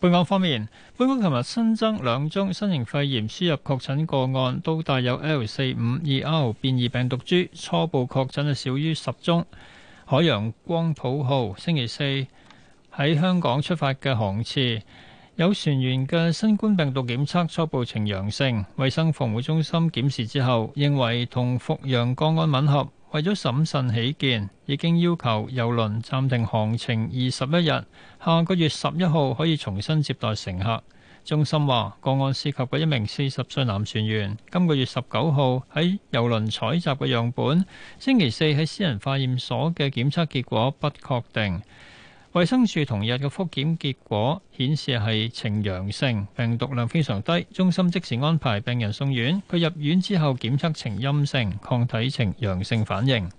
本港方面，本港琴日新增兩宗新型肺炎輸入確診個案，都帶有 L 四五二 R 變異病毒株，初步確診係少於十宗。海洋光譜號星期四喺香港出發嘅航次，有船員嘅新冠病毒檢測初步呈陽性，衛生防護中心檢視之後認為同復陽個案吻合。為咗審慎起見，已經要求郵輪暫停航程二十一日，下個月十一號可以重新接待乘客。中心話個案涉及嘅一名四十歲男船員，今個月十九號喺郵輪採集嘅樣本，星期四喺私人化驗所嘅檢測結果不確定。衛生署同日嘅複檢結果顯示係呈陽性，病毒量非常低。中心即時安排病人送院。佢入院之後檢測呈陰性，抗體呈陽性反應。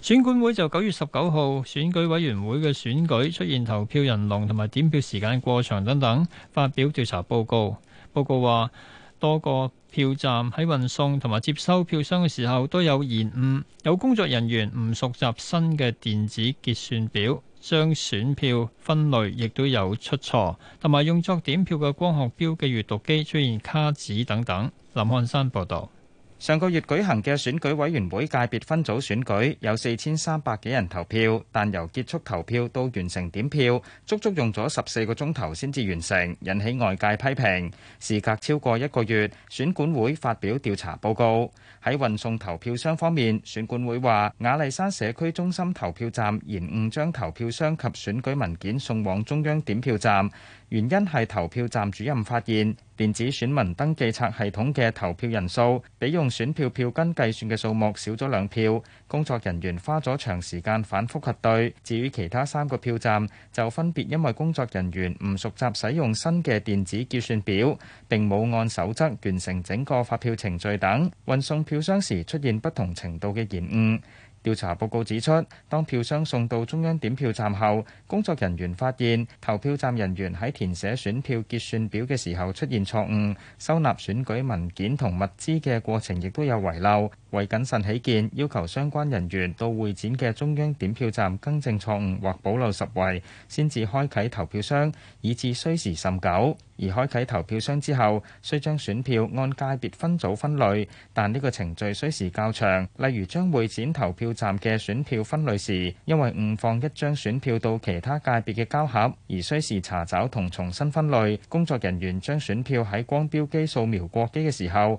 選管會就九月十九號選舉委員會嘅選舉出現投票人龍，同埋點票時間過長等等，發表調查報告。報告話多個票站喺運送同埋接收票箱嘅時候都有延誤，有工作人員唔熟習新嘅電子結算表。將選票分類亦都有出錯，同埋用作點票嘅光學標記閲讀機出現卡紙等等。林漢山報導。上個月舉行嘅選舉委員會界別分組選舉有四千三百幾人投票，但由結束投票到完成點票，足足用咗十四個鐘頭先至完成，引起外界批評。時隔超過一個月，選管會發表調查報告，喺運送投票箱方面，選管會話亞麗山社區中心投票站延誤將投票箱及選舉文件送往中央點票站。原因係投票站主任發現電子選民登記冊系統嘅投票人數比用選票票根計算嘅數目少咗兩票，工作人員花咗長時間反覆核對。至於其他三個票站，就分別因為工作人員唔熟習使用新嘅電子結算表，並冇按守則完成整個發票程序等運送票箱時出現不同程度嘅延誤。調查報告指出，當票箱送到中央點票站後，工作人員發現投票站人員喺填寫選票結算表嘅時候出現錯誤，收納選舉文件同物資嘅過程亦都有遺漏。為謹慎起見，要求相關人員到會展嘅中央點票站更正錯誤或保留十位，先至開啓投票箱，以致需時甚久。而開啓投票箱之後，需將選票按界別分組分類，但呢個程序需時較長，例如將會展投票站嘅選票分類時，因為誤放一張選票到其他界別嘅膠盒，而需時查找同重新分類。工作人員將選票喺光標機掃描過機嘅時候。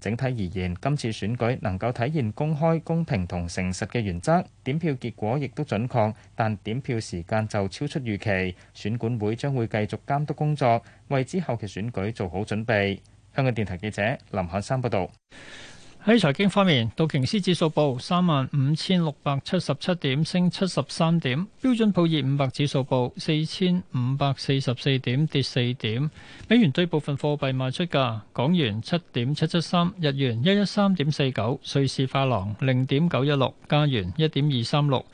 整體而言，今次選舉能夠體現公開、公平同誠實嘅原則，點票結果亦都準確，但點票時間就超出預期。選管會將會繼續監督工作，為之後嘅選舉做好準備。香港電台記者林漢山報道。喺財經方面，道瓊斯指數報三萬五千六百七十七點，升七十三點；標準普爾五百指數報四千五百四十四點，跌四點。美元對部分貨幣賣出價：港元七點七七三，日元一一三點四九，瑞士法郎零點九一六，加元一點二三六，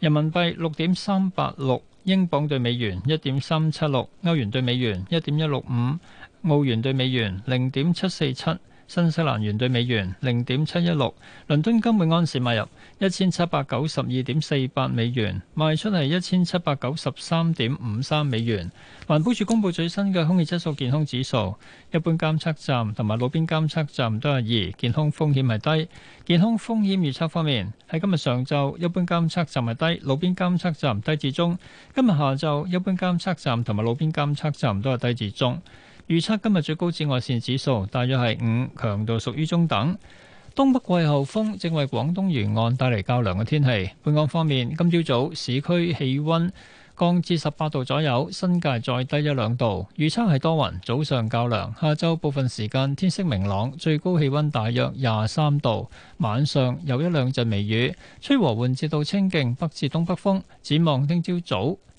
人民幣六點三八六，英鎊對美元一點三七六，歐元對美元一點一六五，澳元對美元零點七四七。新西蘭元兌美元零點七一六，倫敦金每盎司買入一千七百九十二點四八美元，賣出係一千七百九十三點五三美元。環保署公布最新嘅空氣質素健康指數，一般監測站同埋路邊監測站都係二，健康風險係低。健康風險預測方面，喺今日上晝一般監測站係低，路邊監測站低至中。今日下晝一般監測站同埋路邊監測站都係低至中。預測今日最高紫外線指數大約係五，強度屬於中等。東北季候風正為廣東沿岸帶嚟較涼嘅天氣。本港方面，今朝早，早市區氣溫降至十八度左右，新界再低一兩度。預測係多雲，早上較涼，下晝部分時間天色明朗，最高氣溫大約廿三度。晚上有一兩陣微雨，吹和緩至到清勁北至東北風。展望聽朝早，早。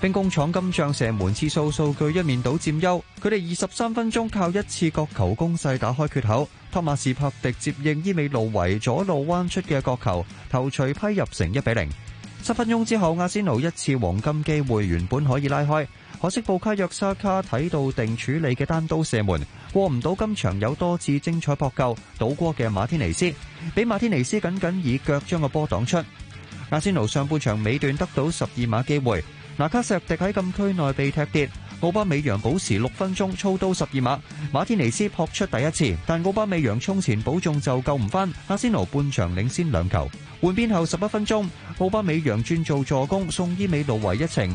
兵工廠金像射門次數數據一面倒佔優，佢哋二十三分鐘靠一次角球攻勢打開缺口。托馬斯帕迪接應伊美路維左路彎出嘅角球頭槌批入成，成一比零。十分鐘之後，阿仙奴一次黃金機會，原本可以拉開，可惜布卡約沙卡睇到定處理嘅單刀射門過唔到今場，有多次精彩撲救。倒戈嘅馬天尼斯，俾馬天尼斯僅僅以腳將個波擋出。阿仙奴上半場尾段得到十二碼機會。拿卡石迪喺禁區內被踢跌，奧巴美揚保持六分鐘操刀十二碼，馬天尼斯撲出第一次，但奧巴美揚衝前補中就救唔返，阿仙奴半場領先兩球。換邊後十一分鐘，奧巴美揚轉做助攻，送伊美路為一程。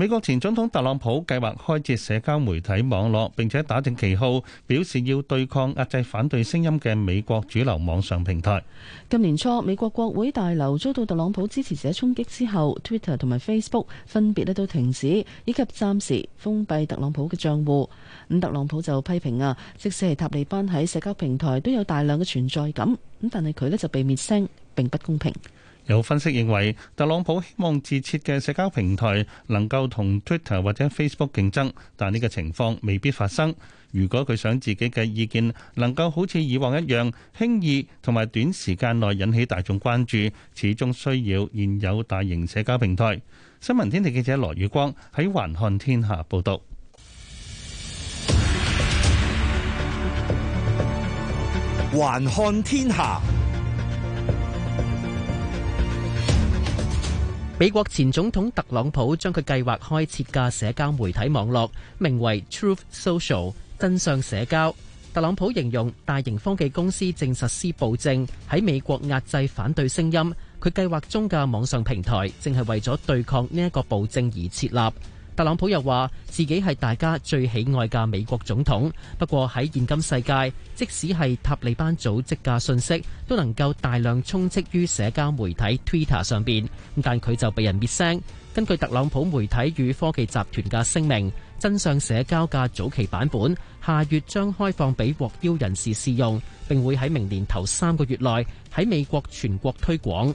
美國前總統特朗普計劃開設社交媒體網絡，並且打正旗號表示要對抗壓制反對聲音嘅美國主流網上平台。今年初，美國國會大樓遭到特朗普支持者衝擊之後，Twitter 同埋 Facebook 分別咧都停止以及暫時封閉特朗普嘅賬戶。咁特朗普就批評啊，即使係塔利班喺社交平台都有大量嘅存在感，咁但係佢咧就被滅聲，並不公平。有分析認為，特朗普希望自設嘅社交平台能夠同 Twitter 或者 Facebook 競爭，但呢個情況未必發生。如果佢想自己嘅意見能夠好似以往一樣輕易同埋短時間內引起大眾關注，始終需要現有大型社交平台。新聞天地記者羅宇光喺環看天下報道。環看天下。報導。美國前總統特朗普將佢計劃開設嘅社交媒體網絡名為 Truth Social 真相社交。特朗普形容大型科技公司正實施暴政，喺美國壓制反對聲音，佢計劃中嘅網上平台正係為咗對抗呢一個暴政而設立。特朗普又話自己係大家最喜愛嘅美國總統，不過喺現今世界，即使係塔利班組織嘅信息，都能夠大量充斥於社交媒體 Twitter 上邊，但佢就被人滅聲。根據特朗普媒體與科技集團嘅聲明，真相社交嘅早期版本下月將開放俾獲邀人士試用，並會喺明年頭三個月內喺美國全國推廣。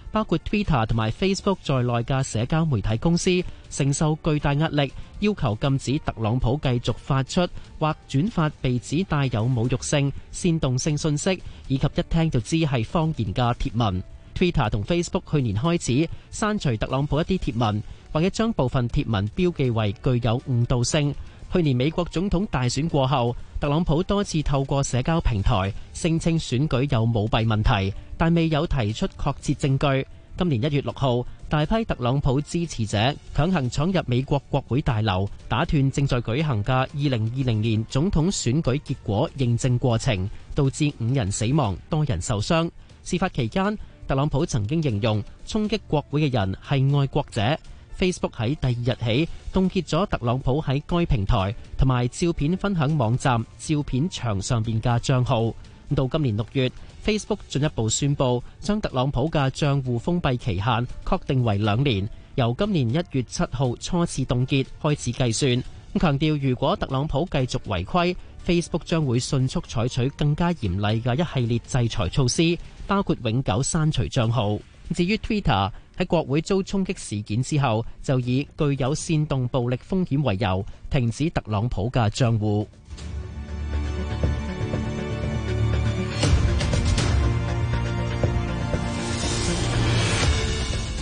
包括 Twitter 同埋 Facebook 在內嘅社交媒體公司，承受巨大壓力，要求禁止特朗普繼續發出或轉發被指帶有侮辱性、煽動性信息，以及一聽就知係謊言嘅貼文。Twitter 同 Facebook 去年開始刪除特朗普一啲貼文，或者將部分貼文標記為具有誤導性。去年美國總統大選過後，特朗普多次透過社交平台聲稱選舉有舞弊問題。但未有提出確切證據。今年一月六號，大批特朗普支持者強行闖入美國國會大樓，打斷正在舉行嘅二零二零年總統選舉結果認證過程，導致五人死亡，多人受傷。事發期間，特朗普曾經形容衝擊國會嘅人係愛國者。Facebook 喺第二日起凍結咗特朗普喺該平台同埋照片分享網站照片牆上邊嘅賬號。到今年六月，Facebook 進一步宣布將特朗普嘅帳戶封閉期限確定為兩年，由今年一月七號初次凍結開始計算。咁強調，如果特朗普繼續違規，Facebook 將會迅速採取更加嚴厲嘅一系列制裁措施，包括永久刪除帳號。至於 Twitter，喺國會遭衝擊事件之後，就以具有煽動暴力風險為由，停止特朗普嘅帳戶。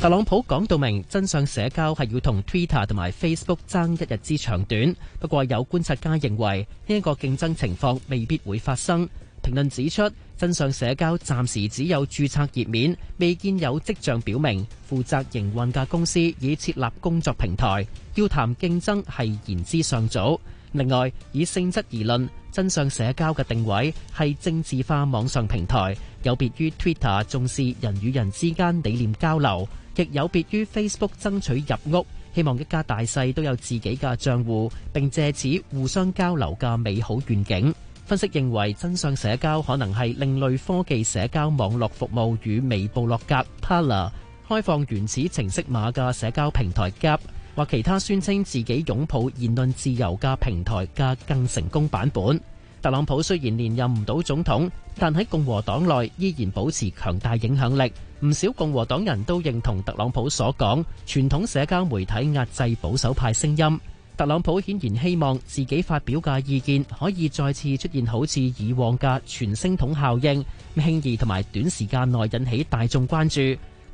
特朗普講到明，真相社交係要同 Twitter 同埋 Facebook 爭一日之長短。不過，有觀察家認為呢一個競爭情況未必會發生。評論指出，真相社交暫時只有註冊頁面，未見有跡象表明負責營運嘅公司已設立工作平台。要談競爭係言之尚早。另外，以性質而論，真相社交嘅定位係政治化網上平台，有別於 Twitter 重視人與人之間理念交流。亦有別於 Facebook 爭取入屋，希望一家大細都有自己嘅賬戶，並借此互相交流嘅美好願景。分析認為，真相社交可能係另類科技社交網絡服務與微部落格 （Parler） 開放原始程式碼嘅社交平台，及或其他宣稱自己擁抱言論自由嘅平台嘅更成功版本。特朗普雖然連任唔到總統，但喺共和黨內依然保持強大影響力。唔少共和黨人都認同特朗普所講，傳統社交媒體壓制保守派聲音。特朗普顯然希望自己發表嘅意見可以再次出現好似以往嘅傳聲筒效應，輕易同埋短時間內引起大眾關注。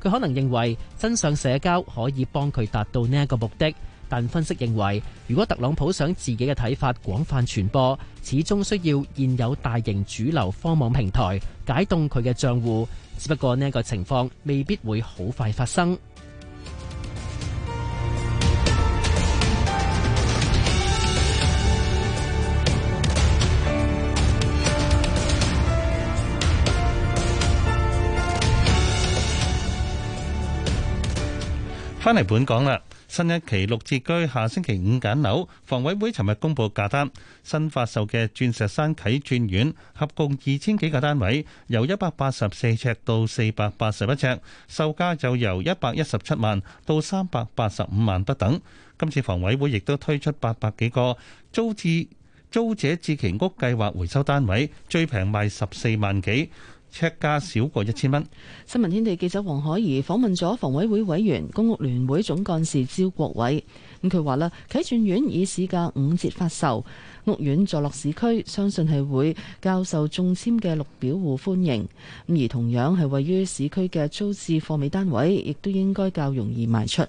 佢可能認為真相社交可以幫佢達到呢一個目的。但分析認為，如果特朗普想自己嘅睇法廣泛傳播，始終需要現有大型主流科網平台解凍佢嘅賬戶。只不過呢個情況未必會好快發生。返嚟本港啦，新一期六折居下星期五揀樓，房委會尋日公布價單，新發售嘅鑽石山啟鑽苑，合共二千幾個單位，由一百八十四尺到四百八十一尺，售價就由一百一十七萬到三百八十五萬不等。今次房委會亦都推出八百幾個租置租者置其屋計劃回收單位，最平賣十四萬幾。尺價少過一千蚊。新聞天地記者黃海怡訪問咗房委會委員、公屋聯會總幹事招國偉，咁佢話啦，啟鑽苑以市價五折發售，屋苑坐落市區，相信係會較受中簽嘅綠表戶歡迎。咁而同樣係位於市區嘅租置貨尾單位，亦都應該較容易賣出。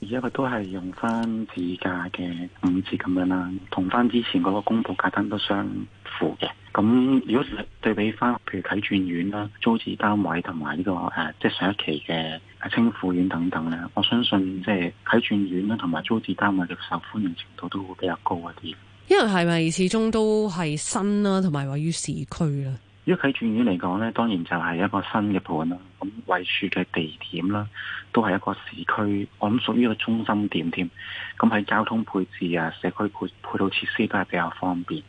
而家佢都係用翻市價嘅五折咁樣啦，同翻之前嗰個公布價單都相符嘅。咁如果對比翻，譬如啟駿苑啦、租置單位同埋呢個誒、呃，即係上一期嘅青富苑等等咧，我相信即係啟駿苑啦同埋租置單位嘅受歡迎程度都會比較高一啲。因為係咪始終都係新啦，同埋位於市區啦。如果啟駿苑嚟講咧，當然就係一個新嘅盤啦。咁位處嘅地點啦，都係一個市區，我諗屬於一個中心點添。咁喺交通配置啊，社區配配套設施都係比較方便。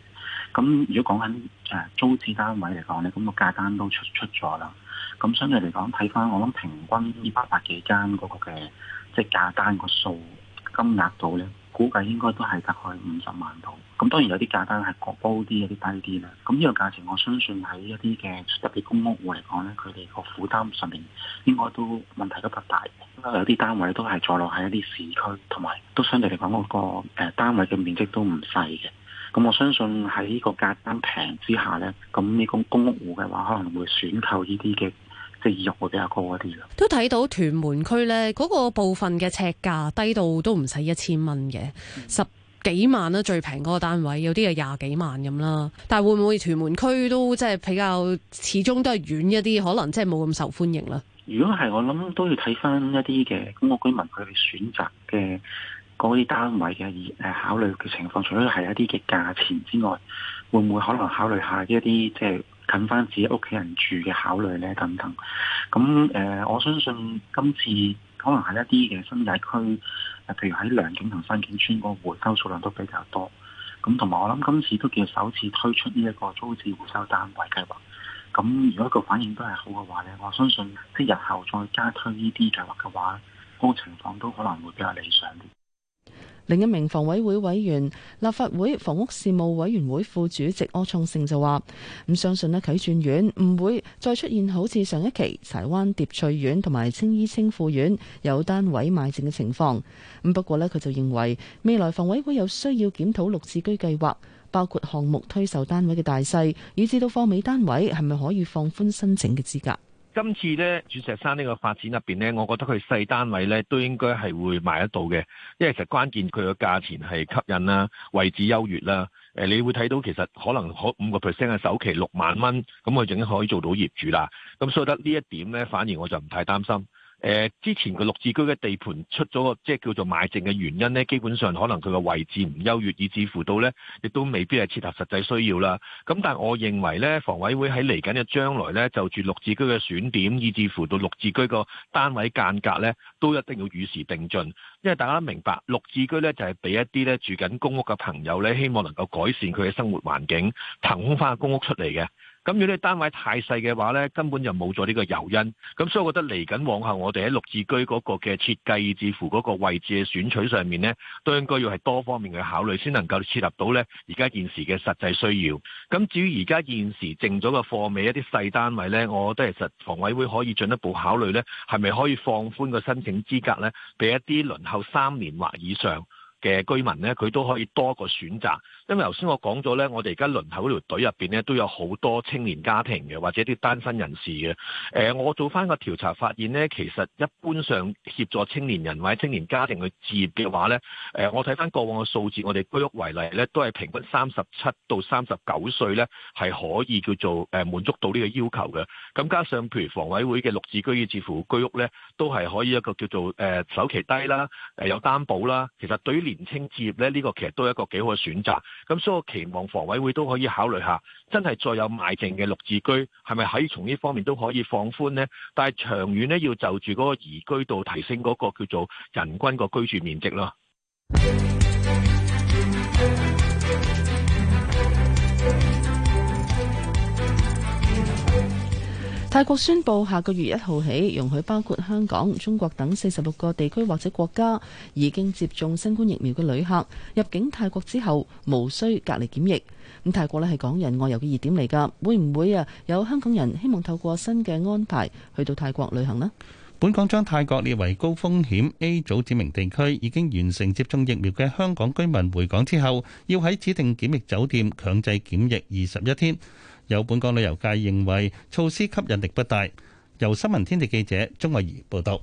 咁如果講緊誒租置單位嚟講咧，咁個價單都出出咗啦。咁相對嚟講，睇翻我諗平均呢八百幾間嗰個嘅即係價單個數金額度咧。估計應該都係大概五十萬度，咁當然有啲價單係高啲，有啲低啲啦。咁呢個價錢，我相信喺一啲嘅特別公屋戶嚟講咧，佢哋個負擔上面應該都問題都不大。因為有啲單位都係坐落喺一啲市區，同埋都相對嚟講嗰個誒單位嘅面積都唔細嘅。咁我相信喺呢個價單平之下咧，咁呢個公屋戶嘅話可能會選購呢啲嘅。即係意欲會比較高一啲咯，都睇到屯門區咧嗰、那個部分嘅尺價低到都唔使一千蚊嘅，嗯、十幾萬啦、啊、最平嗰個單位，有啲係廿幾萬咁啦。但係會唔會屯門區都即係比較始終都係遠一啲，可能即係冇咁受歡迎啦？如果係我諗都要睇翻一啲嘅公屋居民佢哋選擇嘅嗰啲單位嘅而考慮嘅情況，除咗係一啲嘅價錢之外，會唔會可能考慮一下一啲即係？近翻自己屋企人住嘅考慮呢等等。咁誒、呃，我相信今次可能係一啲嘅新界區，譬如喺良景同山景村嗰個回收數量都比較多。咁同埋我諗今次都叫首次推出呢一個租置回收單位計劃。咁如果個反應都係好嘅話呢，我相信即日後再加推呢啲計劃嘅話，嗰、嗰個情況都可能會比較理想啲。另一名房委會委員、立法會房屋事務委員會副主席柯創盛就話：咁相信咧，啟鑽苑唔會再出現好似上一期柴灣疊翠苑同埋青衣青富苑有單位賣剩嘅情況。咁不過咧，佢就認為未來房委會有需要檢討綠置居計劃，包括項目推售單位嘅大細，以至到貨尾單位係咪可以放寬申請嘅資格。今次咧鑽石山呢個發展入邊咧，我覺得佢細單位咧都應該係會賣得到嘅，因為其實關鍵佢個價錢係吸引啦、啊，位置優越啦、啊，誒、呃，你會睇到其實可能可五個 percent 嘅首期六萬蚊，咁佢已經可以做到業主啦，咁所以得呢一點咧，反而我就唔太擔心。誒、呃，之前個綠置居嘅地盤出咗個即係叫做賣剩嘅原因咧，基本上可能佢個位置唔優越，以至乎到咧亦都未必係切合實際需要啦。咁但係我認為咧，房委會喺嚟緊嘅將來咧，就住綠置居嘅選點，以至乎到綠置居個單位間隔咧，都一定要與時並進，因為大家明白綠置居咧就係、是、俾一啲咧住緊公屋嘅朋友咧，希望能夠改善佢嘅生活環境，騰空翻個公屋出嚟嘅。咁如果啲單位太細嘅話呢，根本就冇咗呢個誘因，咁所以我覺得嚟緊往後，我哋喺六字居嗰個嘅設計，至乎嗰個位置嘅選取上面呢，都應該要係多方面去考慮，先能夠設立到呢而家現時嘅實際需要。咁至於而家現時剩咗個貨尾一啲細單位呢，我覺得其實房委會可以進一步考慮呢，係咪可以放寬個申請資格呢？俾一啲輪候三年或以上嘅居民呢，佢都可以多個選擇。因為頭先我講咗咧，我哋而家輪候條隊入邊咧，都有好多青年家庭嘅，或者啲單身人士嘅。誒、呃，我做翻個調查發現咧，其實一般上協助青年人或者青年家庭去置業嘅話咧，誒、呃，我睇翻過往嘅數字，我哋居屋為例咧，都係平均三十七到三十九歲咧，係可以叫做誒滿、呃、足到呢個要求嘅。咁加上譬如房委會嘅綠置居，居，甚至乎居屋咧，都係可以一個叫做誒、呃、首期低啦，誒有擔保啦。其實對於年青置業咧，呢、這個其實都係一個幾好嘅選擇。咁所以我期望房委會都可以考慮下，真係再有賣剩嘅綠置居，係咪可以從呢方面都可以放寬呢？但係長遠呢，要就住嗰個宜居度提升嗰個叫做人均個居住面積咯。泰國宣布下個月一號起，容許包括香港、中國等四十六個地區或者國家已經接種新冠疫苗嘅旅客入境泰國之後，無需隔離檢疫。咁泰國咧係港人外遊嘅熱點嚟㗎，會唔會啊有香港人希望透過新嘅安排去到泰國旅行呢？本港將泰國列為高風險 A 組指明地區，已經完成接種疫苗嘅香港居民回港之後，要喺指定檢疫酒店強制檢疫二十一天。有本港旅遊界認為措施吸引力不大。由新聞天地記者鍾慧儀報道。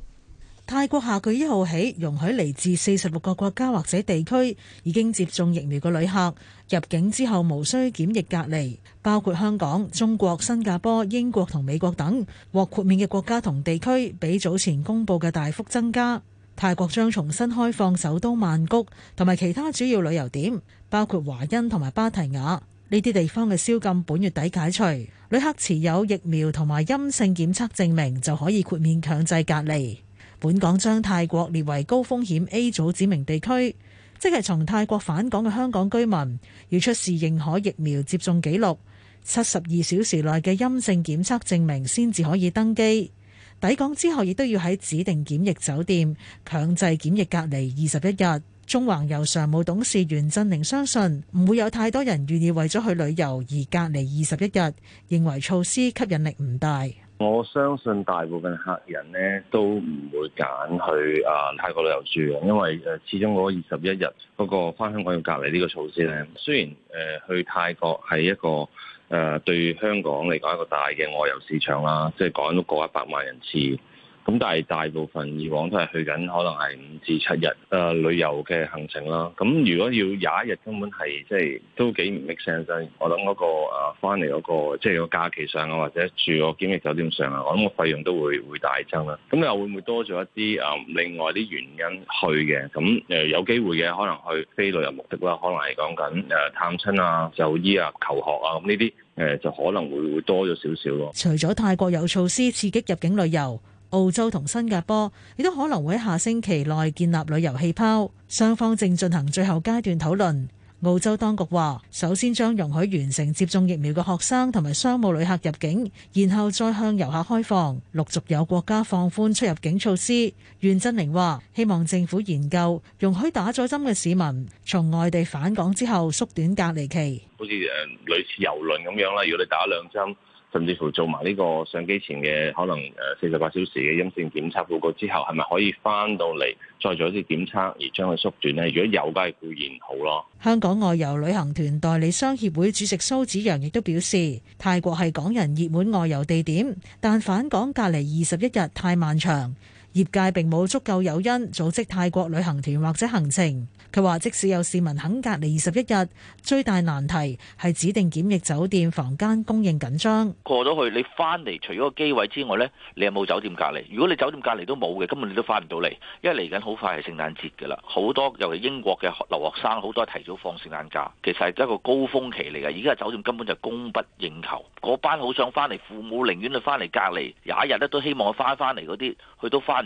泰國下個月一號起容許嚟自四十六個國家或者地區已經接種疫苗嘅旅客入境之後無需檢疫隔離，包括香港、中國、新加坡、英國同美國等獲豁免嘅國家同地區，比早前公布嘅大幅增加。泰國將重新開放首都曼谷同埋其他主要旅遊點，包括華欣同埋芭提雅。呢啲地方嘅宵禁本月底解除，旅客持有疫苗同埋陰性檢測證明就可以豁免強制隔離。本港將泰國列為高風險 A 組指明地區，即係從泰國返港嘅香港居民要出示認可疫苗接種記錄、七十二小時內嘅陰性檢測證明先至可以登機。抵港之後亦都要喺指定檢疫酒店強制檢疫隔離二十一日。縱橫遊常務董事袁振寧相信唔會有太多人願意為咗去旅遊而隔離二十一日，認為措施吸引力唔大。我相信大部分客人呢都唔會揀去啊泰國旅遊住，因為誒始終嗰二十一日嗰個返香港要隔離呢個措施咧，雖然誒去泰國係一個誒對香港嚟講一個大嘅外遊市場啦，即係講到過一百萬人次。咁但係大部分以往都係去緊，可能係五至七日誒、呃呃、旅遊嘅行程啦。咁如果要廿一日，根本係即係都幾唔 make sense 我、嗰個。我諗嗰個誒翻嚟嗰個即係個假期上啊，或者住個經嘅酒店上啊，我諗個費用都會會大增啦。咁又會唔會多咗一啲誒、呃、另外啲原因去嘅？咁誒有機會嘅可能去非旅遊目的啦，可能係講緊誒探親啊、就醫啊、求學啊咁呢啲誒就可能會會多咗少少咯。除咗泰國有措施刺，刺激入境旅遊。澳洲同新加坡亦都可能會喺下星期內建立旅遊氣泡，雙方正進行最後階段討論。澳洲當局話，首先將容許完成接種疫苗嘅學生同埋商務旅客入境，然後再向遊客開放。陸續有國家放寬出入境措施。袁振寧話：希望政府研究容許打咗針嘅市民從外地返港之後縮短隔離期，好似誒類似遊輪咁樣啦。如果你打兩針，甚至乎做埋呢個上機前嘅可能誒四十八小時嘅陰性檢測報告之後，係咪可以翻到嚟再做一啲檢測而將佢縮短咧？如果有，梗係固然好咯。香港外遊旅行團代理商協會主席蘇子陽亦都表示，泰國係港人熱門外遊地點，但返港隔離二十一日太漫長。業界並冇足夠誘因組織泰國旅行團或者行程。佢話即使有市民肯隔離二十一日，最大難題係指定檢疫酒店房間供應緊張過咗去，你翻嚟，除咗個機位之外咧，你有冇酒店隔離，如果你酒店隔離都冇嘅，根本你都翻唔到嚟，因為嚟緊好快係聖誕節噶啦。好多尤其英國嘅留學生，好多提早放聖誕假，其實係一個高峰期嚟嘅。而家酒店根本就供不應求。嗰班好想翻嚟，父母寧願你翻嚟隔離有一日咧都希望翻翻嚟嗰啲，佢都翻。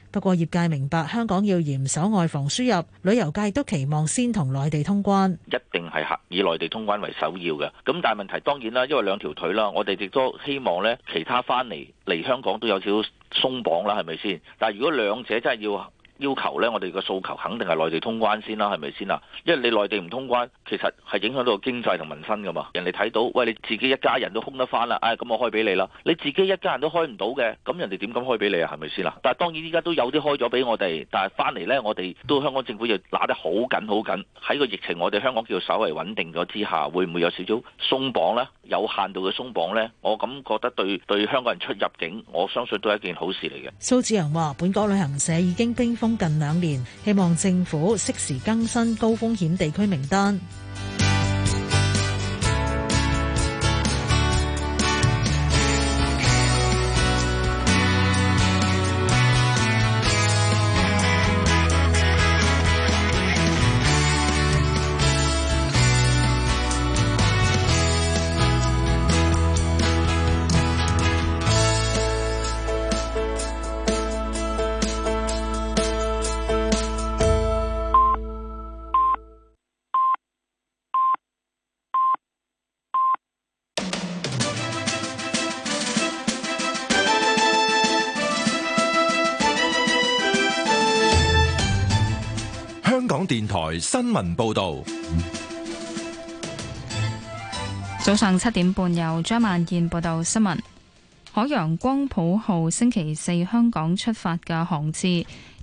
不過業界明白香港要嚴守外防輸入，旅遊界都期望先同內地通關，一定係以內地通關為首要嘅。咁但係問題當然啦，因為兩條腿啦，我哋亦都希望呢，其他翻嚟嚟香港都有少少鬆綁啦，係咪先？但係如果兩者真係要要求呢，我哋個訴求肯定係內地通關先啦，啊，係咪先啊？因為你內地唔通關，其實係影響到經濟同民生噶嘛。人哋睇到，喂，你自己一家人都空得翻啦，唉，哎，咁我開俾你啦。你自己一家人都開唔到嘅，咁人哋點敢開俾你啊？係咪先啊？但係當然依家都有啲開咗俾我哋，但係翻嚟，呢，我哋都香港政府又拿得好緊好緊，喺個疫情我哋香港叫稍為穩定咗之下，會唔會有少少鬆綁呢？有限度嘅鬆綁呢，我咁覺得對對香港人出入境，我相信都係一件好事嚟嘅。蘇志恒話，本港旅行社已經冰封。近兩年，希望政府適時更新高風險地區名單。新聞報道，早上七點半由張萬燕報道新聞。海洋光譜號星期四香港出發嘅航次，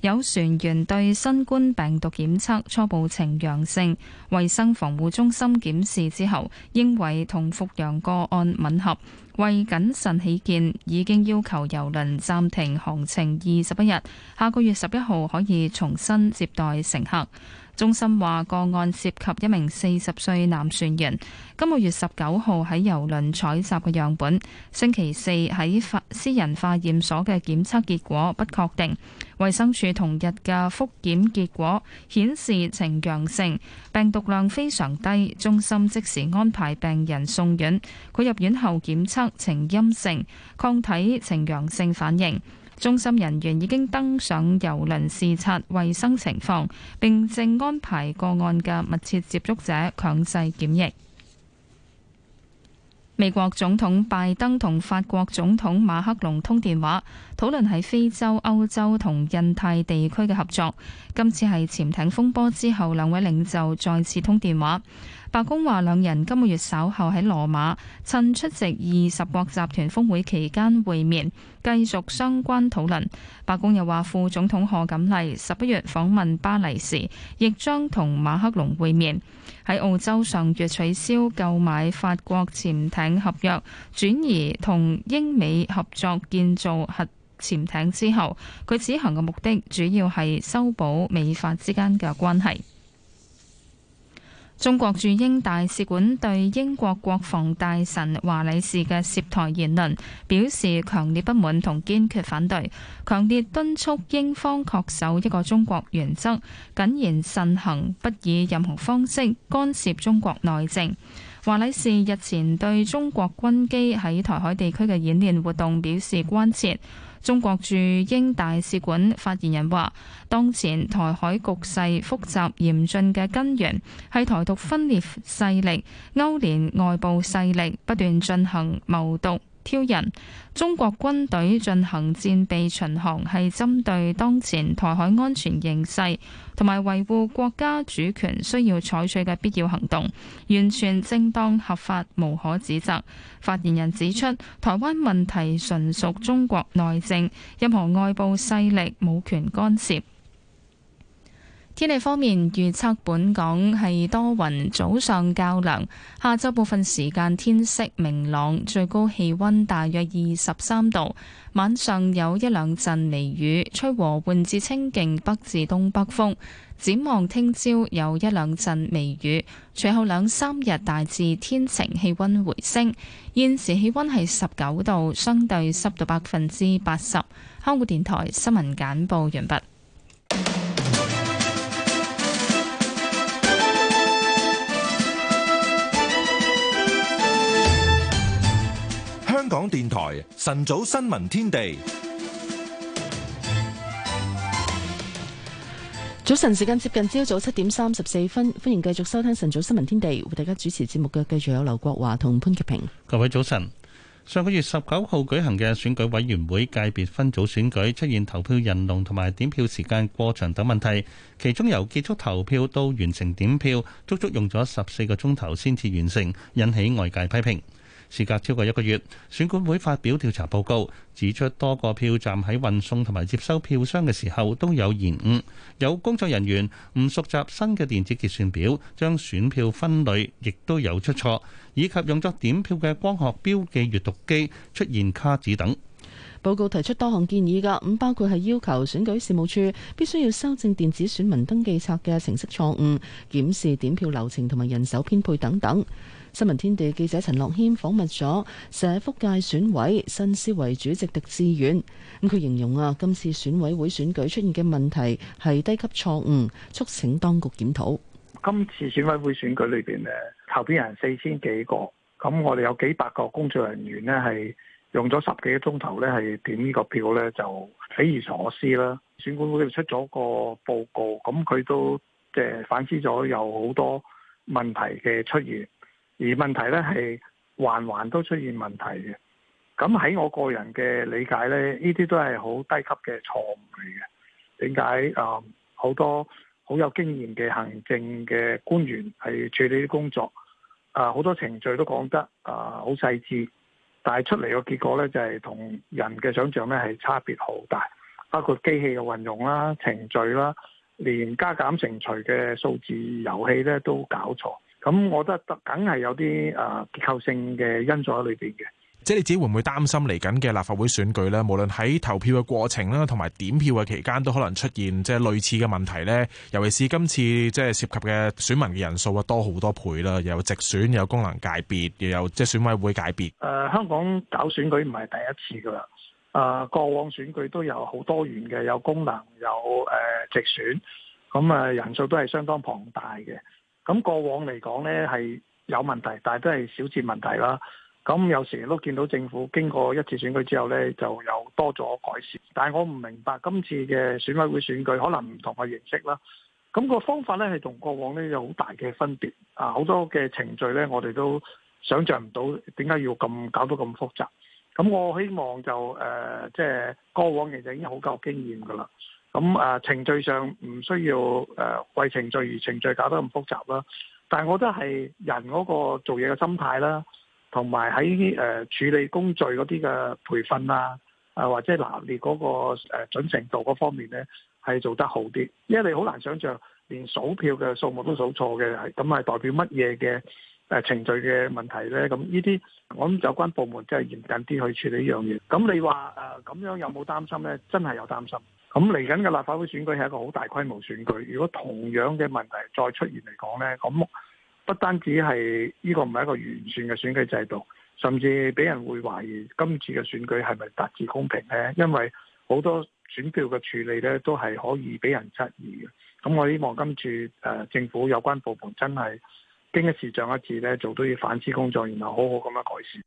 有船員對新冠病毒檢測初步呈陽性，衛生防護中心檢視之後，認為同復陽個案吻合，為謹慎起見，已經要求郵輪暫停航程二十一日，下個月十一號可以重新接待乘客。中心話個案涉及一名四十歲男船員，今個月十九號喺郵輪採集嘅樣本，星期四喺化私人化驗所嘅檢測結果不確定。衛生署同日嘅復檢結果顯示呈陽性，病毒量非常低。中心即時安排病人送院，佢入院後檢測呈陰性，抗體呈陽性反應。中心人員已經登上郵輪視察衛生情況，並正安排個案嘅密切接觸者強制檢疫。美國總統拜登同法國總統馬克龍通電話，討論喺非洲、歐洲同印太地區嘅合作。今次係潛艇風波之後，兩位領袖再次通電話。白宮話兩人今個月稍後喺羅馬，趁出席二十國集團峰會期間會面，繼續相關討論。白宮又話，副總統賀錦麗十一月訪問巴黎時，亦將同馬克龍會面。喺澳洲上月取消購買法國潛艇合約，轉而同英美合作建造核潛艇之後，佢此行嘅目的主要係修補美法之間嘅關係。中國駐英大使館對英國國防大臣華里士嘅涉台言論表示強烈不滿同堅決反對，強烈敦促英方恪守一個中國原則，謹言慎行，不以任何方式干涉中國內政。華里士日前對中國軍機喺台海地區嘅演練活動表示關切。中國駐英大使館發言人話，當前台海局勢複雜嚴峻嘅根源係台獨分裂勢力、勾連外部勢力不斷進行謀獨。挑人，中國軍隊進行戰備巡航係針對當前台海安全形勢同埋維護國家主權需要採取嘅必要行動，完全正當合法，無可指責。發言人指出，台灣問題純屬中國內政，任何外部勢力冇權干涉。天氣方面預測，本港係多雲，早上較涼，下晝部分時間天色明朗，最高氣溫大約二十三度，晚上有一兩陣微雨，吹和緩至清勁北至東北風。展望聽朝有一兩陣微雨，隨後兩三日大致天晴，氣溫回升。現時氣溫係十九度，相對濕度百分之八十。香港電台新聞簡報完畢。港電台晨早新聞天地，早晨時間接近朝早七點三十四分，歡迎繼續收聽晨早新聞天地，為大家主持節目嘅繼續有劉國華同潘潔平。各位早晨，上個月十九號舉行嘅選舉委員會界別分組選舉出現投票人龍同埋點票時間過長等問題，其中由結束投票到完成點票，足足用咗十四個鐘頭先至完成，引起外界批評。事隔超過一個月，選管會發表調查報告，指出多個票站喺運送同埋接收票箱嘅時候都有延誤，有工作人員唔熟習新嘅電子結算表，將選票分類亦都有出錯，以及用作點票嘅光學標記閱讀機出現卡紙等。報告提出多項建議㗎，咁包括係要求選舉事務處必須要修正電子選民登記冊嘅程式錯誤，檢視點票流程同埋人手編配等等。新聞天地記者陳樂軒訪問咗社福界選委新思維主席狄志遠，咁佢形容啊今次選委會選舉出現嘅問題係低級錯誤，促請當局檢討。今次選委會選舉裏邊咧，投票人四千幾個，咁我哋有幾百個工作人員呢，係用咗十幾個鐘頭咧，係點呢個票咧，就匪夷所思啦。選管會出咗個報告，咁佢都即係反思咗有好多問題嘅出現。而問題咧係環環都出現問題嘅，咁喺我個人嘅理解咧，呢啲都係好低級嘅錯誤嚟嘅。點解啊？好、呃、多好有經驗嘅行政嘅官員係處理啲工作，啊、呃、好多程序都講得啊好、呃、細緻，但係出嚟嘅結果咧就係、係、同人嘅想像咧係差別好大，包括機器嘅運用啦、程序啦，連加減乘除嘅數字遊戲咧都搞錯。咁、嗯、我覺得梗係有啲誒、呃、結構性嘅因素喺裏邊嘅。即係你自己會唔會擔心嚟緊嘅立法會選舉咧？無論喺投票嘅過程啦，同埋點票嘅期間，都可能出現即係類似嘅問題咧。尤其是今次即係涉及嘅選民嘅人數啊，多好多倍啦！又有直選，又有功能界別，又有即係選委會界別。誒、呃，香港搞選舉唔係第一次噶啦。誒、呃，過往選舉都有好多元嘅，有功能，有誒、呃、直選。咁、嗯、誒、呃，人數都係相當龐大嘅。咁過往嚟講呢係有問題，但係都係小節問題啦。咁有時都見到政府經過一次選舉之後呢，就有多咗改善。但係我唔明白今次嘅選委會選舉可能唔同嘅形式啦。咁個方法呢係同過往呢有好大嘅分別。啊，好多嘅程序呢，我哋都想像唔到點解要咁搞到咁複雜。咁我希望就誒，即係過往其實已經好夠經驗㗎啦。咁啊、呃，程序上唔需要誒、呃、為程序而程序搞得咁複雜啦。但係我覺得係人嗰個做嘢嘅心態啦，同埋喺誒處理工序嗰啲嘅培訓啊，啊或者拿捏嗰個誒、呃、準程度嗰方面咧，係做得好啲。因為你好難想象連數票嘅數目都數錯嘅係，咁係代表乜嘢嘅誒程序嘅問題咧？咁呢啲我諗有關部門真係嚴謹啲去處理呢樣嘢。咁你話誒咁樣有冇擔心咧？真係有擔心。咁嚟緊嘅立法會選舉係一個好大規模選舉，如果同樣嘅問題再出現嚟講呢，咁不單止係呢、這個唔係一個完善嘅選舉制度，甚至俾人會懷疑今次嘅選舉係咪達至公平呢？因為好多選票嘅處理呢都係可以俾人質疑嘅。咁我希望今次誒、呃、政府有關部門真係經一次漲一次呢，做到要反思工作，然後好好咁樣改善。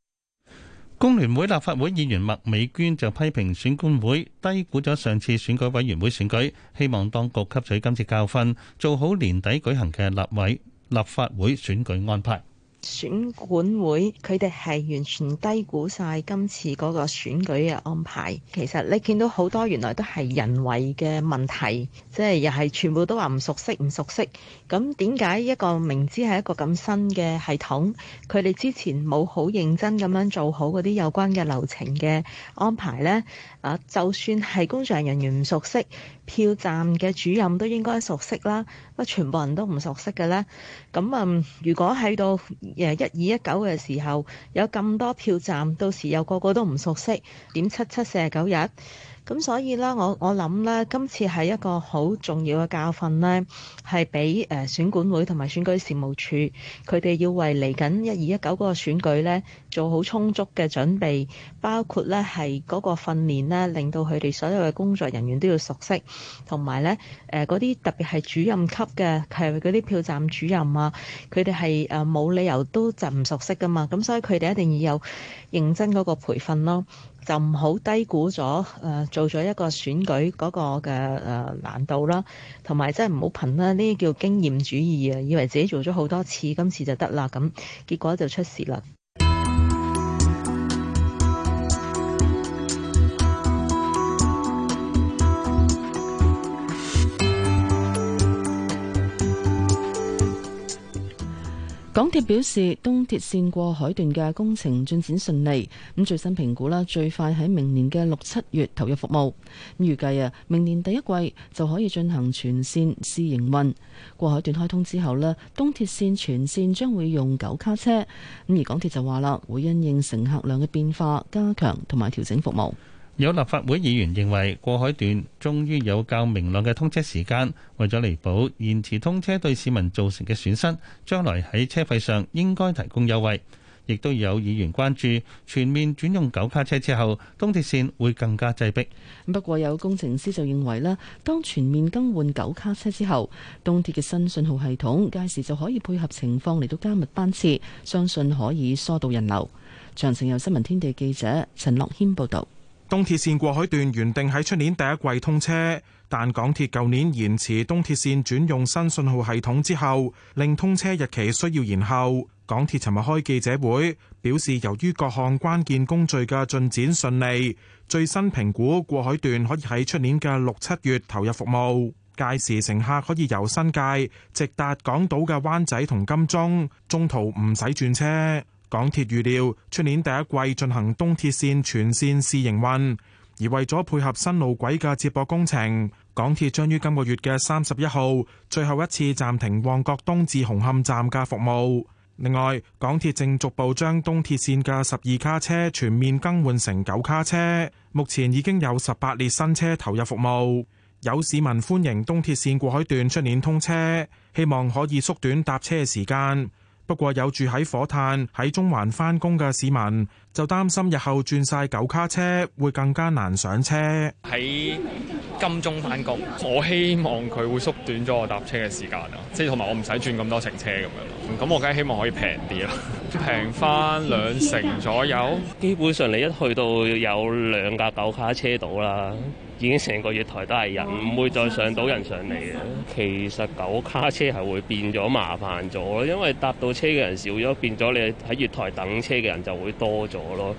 工聯會立法會議員麥美娟就批評選管會低估咗上次選舉委員會選舉，希望當局吸取今次教訓，做好年底舉行嘅立委立法會選舉安排。選管會，佢哋係完全低估晒今次嗰個選舉嘅安排。其實你見到好多原來都係人為嘅問題，即係又係全部都話唔熟悉，唔熟悉。咁點解一個明知係一個咁新嘅系統，佢哋之前冇好認真咁樣做好嗰啲有關嘅流程嘅安排呢？啊，就算係工作人員唔熟悉。票站嘅主任都應該熟悉啦，乜全部人都唔熟悉嘅咧？咁啊、嗯，如果喺到一二一九嘅時候，有咁多票站，到時又個個都唔熟悉，點七七四廿九日？咁所以咧，我我諗咧，今次係一個好重要嘅教訓咧，係俾誒選管會同埋選舉事務處，佢哋要為嚟緊一二一九嗰個選舉咧做好充足嘅準備，包括咧係嗰個訓練咧，令到佢哋所有嘅工作人員都要熟悉，同埋咧誒嗰啲特別係主任級嘅，譬如嗰啲票站主任啊，佢哋係誒冇理由都就唔熟悉噶嘛，咁所以佢哋一定要有認真嗰個培訓咯。就唔好低估咗，誒做咗一個選舉嗰個嘅誒難度啦，同埋真係唔好憑啦，呢啲叫經驗主義啊，以為自己做咗好多次，今次就得啦，咁結果就出事啦。港鐵表示，東鐵綫過海段嘅工程進展順利，咁最新評估啦，最快喺明年嘅六七月投入服務。預計啊，明年第一季就可以進行全線試營運。過海段開通之後咧，東鐵綫全線將會用九卡車。咁而港鐵就話啦，會因應乘客量嘅變化，加強同埋調整服務。有立法會議員認為過海段終於有較明朗嘅通車時間，為咗彌補延遲通車對市民造成嘅損失，將來喺車費上應該提供優惠。亦都有議員關注全面轉用九卡車之後，東鐵線會更加擠迫。不過有工程師就認為咧，當全面更換九卡車之後，東鐵嘅新信號系統屆時就可以配合情況嚟到加密班次，相信可以疏導人流。詳情由新聞天地記者陳樂軒報導。東鐵線過海段原定喺出年第一季通車，但港鐵舊年延遲東鐵線轉用新信號系統之後，令通車日期需要延後。港鐵尋日開記者會，表示由於各項關鍵工序嘅進展順利，最新評估過海段可以喺出年嘅六七月投入服務，屆時乘客可以由新界直達港島嘅灣仔同金鐘，中途唔使轉車。港鐵預料出年第一季進行東鐵線全線試營運，而為咗配合新路軌嘅接駁工程，港鐵將於今個月嘅三十一號最後一次暫停旺角東至紅磡站嘅服務。另外，港鐵正逐步將東鐵線嘅十二卡車全面更換成九卡車，目前已經有十八列新車投入服務。有市民歡迎東鐵線過海段出年通車，希望可以縮短搭車嘅時間。不過有住喺火炭，喺中環翻工嘅市民就擔心日後轉晒九卡車會更加難上車。喺金鐘翻工，我希望佢會縮短咗我搭車嘅時間啊，即係同埋我唔使轉咁多程車咁樣咯。咁我梗係希望可以平啲啦，平 [laughs] 翻兩成左右，基本上你一去到有兩架九卡車到啦。已經成個月台都係人，唔、嗯、會再上到人上嚟嘅。嗯嗯、其實九、嗰個、卡車係會變咗麻煩咗，因為搭到車嘅人少咗，變咗你喺月台等車嘅人就會多咗咯。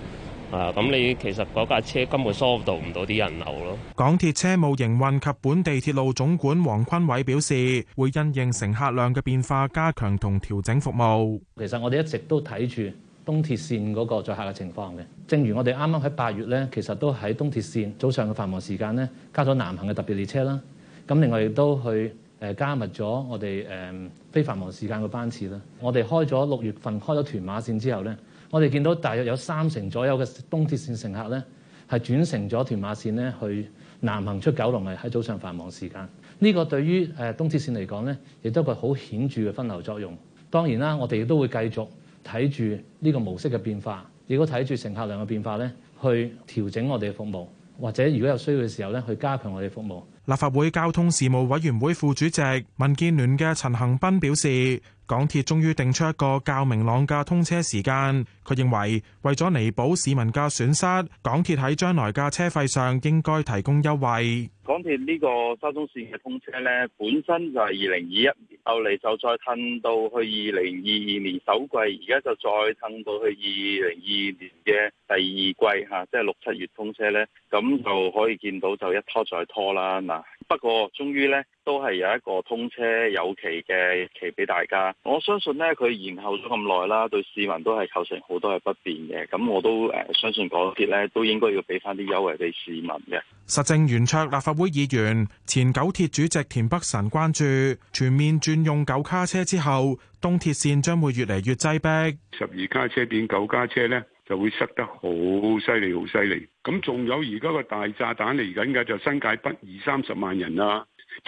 啊，咁你其實嗰架車根本疏導唔到啲人流咯。港鐵車務營運及本地鐵路總管黃坤偉表示，會因應乘客量嘅變化，加強同調整服務。其實我哋一直都睇住。東鐵線嗰個載客嘅情況嘅，正如我哋啱啱喺八月咧，其實都喺東鐵線早上嘅繁忙時間咧，加咗南行嘅特別列車啦。咁另外亦都去誒、呃、加密咗我哋誒、呃、非繁忙時間嘅班次啦。我哋開咗六月份開咗屯馬線之後咧，我哋見到大約有三成左右嘅東鐵線乘客咧係轉乘咗屯馬線咧去南行出九龍，係喺早上繁忙時間。呢、這個對於誒東鐵線嚟講咧，亦都係好顯著嘅分流作用。當然啦，我哋亦都會繼續。睇住呢個模式嘅變化，如果睇住乘客量嘅變化咧，去調整我哋嘅服務，或者如果有需要嘅時候咧，去加強我哋嘅服務。立法會交通事務委員會副主席、民建聯嘅陳恒斌表示。港鐵終於定出一個較明朗嘅通車時間。佢認為為咗彌補市民嘅損失，港鐵喺將來嘅車費上應該提供優惠。港鐵呢個沙中綫嘅通車呢，本身就係二零二一年，後嚟，就再褪到去二零二二年首季，而家就再褪到去二零二二年嘅第二季吓，即係六七月通車呢，咁就可以見到就一拖再拖啦，嗱。不過終於咧，都係有一個通車有期嘅期俾大家。我相信咧，佢延後咗咁耐啦，對市民都係構成好多係不便嘅。咁我都誒，相信港鐵咧都應該要俾翻啲優惠俾市民嘅。實政圓桌立法會議員、前九鐵主席田北辰關注全面轉用九卡車之後，東鐵綫將會越嚟越擠逼。十二卡車變九卡車呢，就會塞得好犀利，好犀利。咁仲有而家個大炸彈嚟緊㗎，就新界北二三十萬人啊！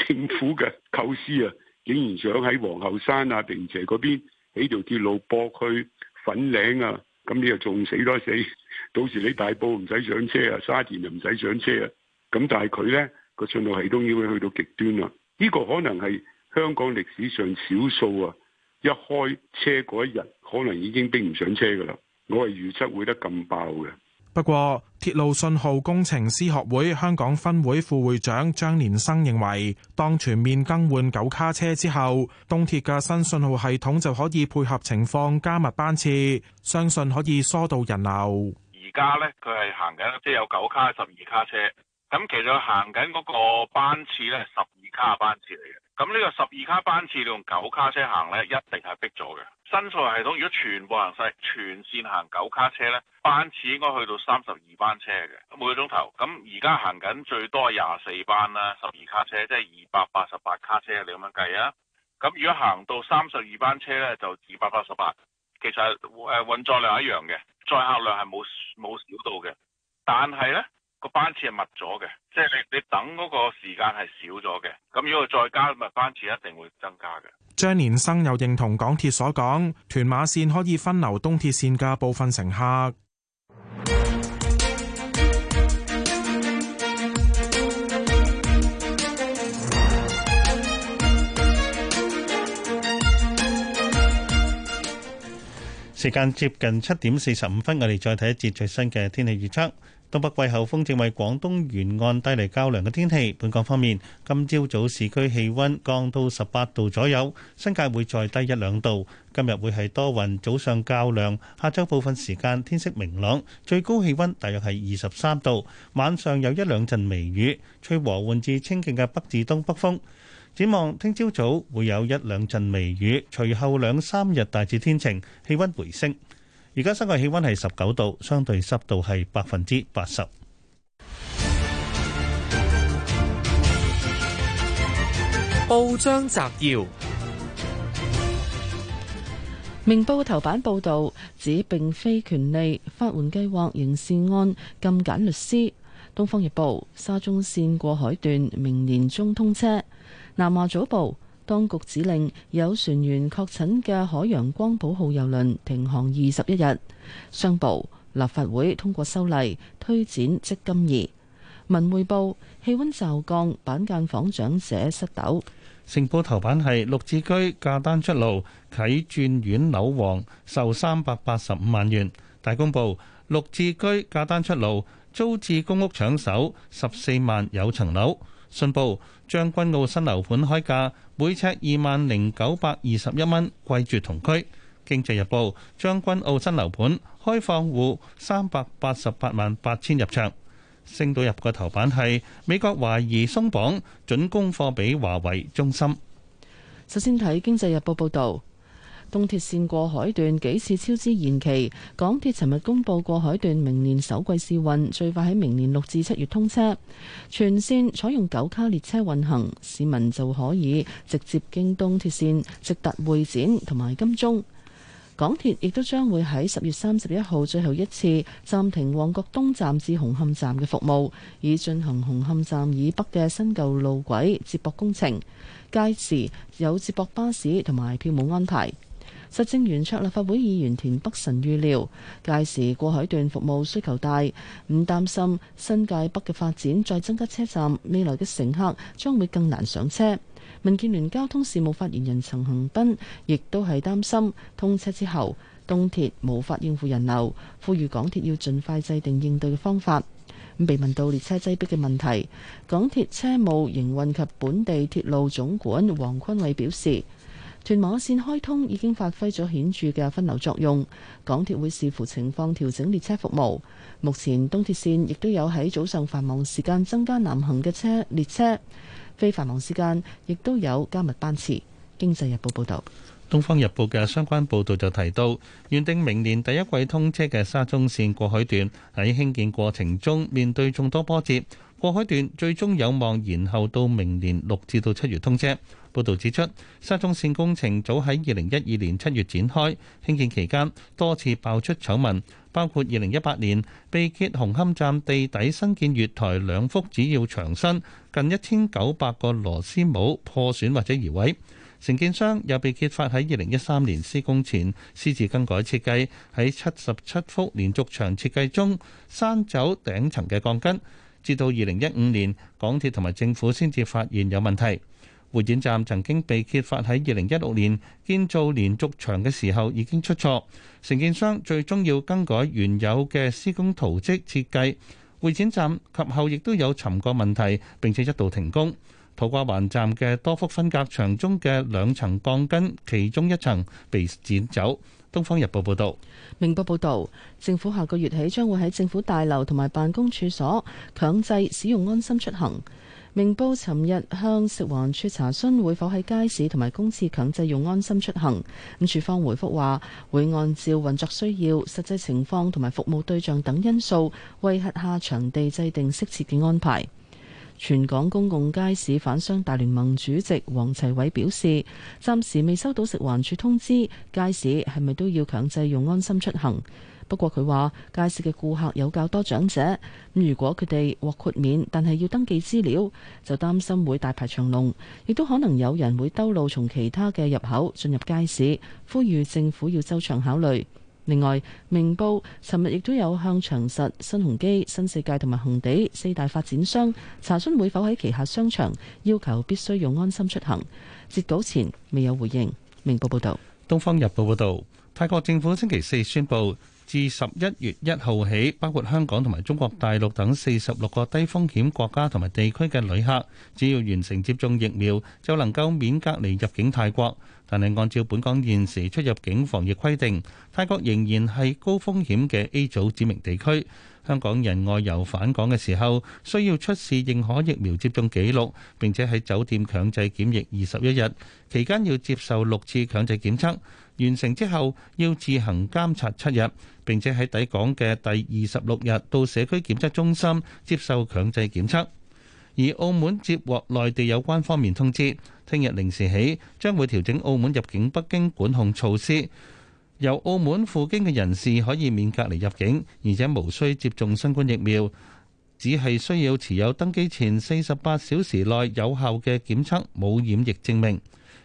政府嘅構思啊，竟然想喺皇后山啊、坪斜嗰邊起條鐵路，駁去粉嶺啊！咁你又仲死多死？到時你大埔唔使上車啊，沙田又唔使上車啊！咁但係佢呢個信號系統已經去到極端啦。呢個可能係香港歷史上少數啊！一開車嗰一日，可能已經逼唔上車㗎啦。我係預測會得咁爆嘅。不過，鐵路信號工程師學會香港分會副會長張連生認為，當全面更換九卡車之後，東鐵嘅新信號系統就可以配合情況加密班次，相信可以疏導人流。而家咧，佢係行緊，即係有九卡、十二卡車。咁其實行緊嗰個班次咧，十二卡嘅班次嚟嘅。咁呢個十二卡班次，你用九卡車行咧，一定係逼咗嘅。新賽系統如果全部行曬全線行九卡車呢，班次應該去到三十二班車嘅每個鐘頭。咁而家行緊最多係廿四班啦，十二卡車即係二百八十八卡車。你咁樣計啊？咁如果行到三十二班車呢，就二百八十八。其實誒運作量一樣嘅，載客量係冇冇少到嘅。但係呢。個班次係密咗嘅，即係你你等嗰個時間係少咗嘅。咁如果再加，咪班次一定會增加嘅。張連生又認同港鐵所講，屯馬線可以分流東鐵線嘅部分乘客。時間接近七點四十五分，我哋再睇一節最新嘅天氣預測。東北季候風正為廣東沿岸帶嚟較涼嘅天氣。本港方面，今朝早，早市區氣溫降到十八度左右，新界會再低一兩度。今日會係多雲，早上較涼，下晝部分時間天色明朗，最高氣溫大約係二十三度。晚上有一兩陣微雨，吹和緩至清勁嘅北至東北風。展望聽朝早，早會有一兩陣微雨，隨後兩三日大致天晴，氣溫回升。而家室外氣温係十九度，相對濕度係百分之八十。報章摘要：明報頭版報道指，並非權利法援計劃，刑事案禁揀律師。東方日報，沙中綫過海段明年中通車。南華早報。當局指令有船員確診嘅海洋光譜號郵輪停航二十一日。商報，立法會通過修例推展積金易。文匯報，氣溫驟降，板間房長者失抖。成報頭版係綠置居價單出爐，啟鑽苑樓王售三百八十五萬元。大公報綠置居價單出爐，租置公屋搶手，十四萬有層樓。信報，將軍澳新樓盤開價每尺二萬零九百二十一蚊，貴絕同區。經濟日報，將軍澳新樓盤開放戶三百八十八萬八千入場，升到入個頭版係美國懷疑鬆綁準供貨俾華為中心。首先睇經濟日報報導。東鐵綫過海段幾次超支延期，港鐵尋日公佈過海段明年首季試運，最快喺明年六至七月通車。全綫採用九卡列車運行，市民就可以直接經東鐵綫直達會展同埋金鐘。港鐵亦都將會喺十月三十一號最後一次暫停旺角東站至紅磡站嘅服務，以進行紅磡站以北嘅新舊路軌接駁工程。屆時有接駁巴士同埋票務安排。實政圓桌立法會議員田北辰預料，屆時過海段服務需求大，唔擔心新界北嘅發展再增加車站，未來嘅乘客將會更難上車。民建聯交通事務發言人陳恒鑌亦都係擔心通車之後，東鐵無法應付人流，呼籲港鐵要盡快制定應對嘅方法。被問到列車擠逼嘅問題，港鐵車務營運及本地鐵路總管黃琨暐表示。屯馬線開通已經發揮咗顯著嘅分流作用，港鐵會視乎情況調整列車服務。目前東鐵線亦都有喺早上繁忙時間增加南行嘅車列車，非繁忙時間亦都有加密班次。《經濟日報》報導，《東方日報》嘅相關報導就提到，原定明年第一季通車嘅沙中線過海段喺興建過程中面對眾多波折。過海段最終有望延後到明年六至到七月通車。報導指出，沙中線工程早喺二零一二年七月展開，興建期間，多次爆出醜聞，包括二零一八年被揭紅磡站地底新建月台兩幅主要牆身近一千九百個螺絲帽破損或者移位。承建商又被揭發喺二零一三年施工前私自更改設計，喺七十七幅連續牆設計中刪走頂層嘅鋼筋。至到二零一五年，港鐵同埋政府先至發現有問題。會展站曾經被揭發喺二零一六年建造連續牆嘅時候已經出錯，承建商最終要更改原有嘅施工圖則設計。會展站及後亦都有沉降問題，並且一度停工。土瓜灣站嘅多幅分隔牆中嘅兩層鋼筋，其中一層被剪走。《東方日報》報道，《明報》報導，政府下個月起將會喺政府大樓同埋辦公處所強制使用安心出行。明報尋日向食環署查詢會否喺街市同埋公廁強制用安心出行，咁處方回覆話會按照運作需要、實際情況同埋服務對象等因素，為轄下場地制定適切嘅安排。全港公共街市販商大聯盟主席黃齊偉表示，暫時未收到食環署通知，街市係咪都要強制用安心出行？不過佢話街市嘅顧客有較多長者，咁如果佢哋獲豁免，但係要登記資料，就擔心會大排長龍，亦都可能有人會兜路從其他嘅入口進入街市。呼籲政府要周詳考慮。另外，明報尋日亦都有向長實、新鴻基、新世界同埋恆地四大發展商查詢會否喺旗下商場要求必須用安心出行，截稿前未有回應。明報報道：《東方日報》報道，泰國政府星期四宣布。自十一月一號起，包括香港同埋中國大陸等四十六個低風險國家同埋地區嘅旅客，只要完成接種疫苗，就能夠免隔離入境泰國。但係按照本港現時出入境防疫規定，泰國仍然係高風險嘅 A 組指明地區。香港人外遊返港嘅時候，需要出示認可疫苗接種記錄，並且喺酒店強制檢疫二十一日，期間要接受六次強制檢測。完成之後要自行監察七日，並且喺抵港嘅第二十六日到社區檢測中心接受強制檢測。而澳門接獲內地有關方面通知，聽日零時起將會調整澳門入境北京管控措施，由澳門赴京嘅人士可以免隔離入境，而且無需接種新冠疫苗，只係需要持有登機前四十八小時內有效嘅檢測冇染疫證明。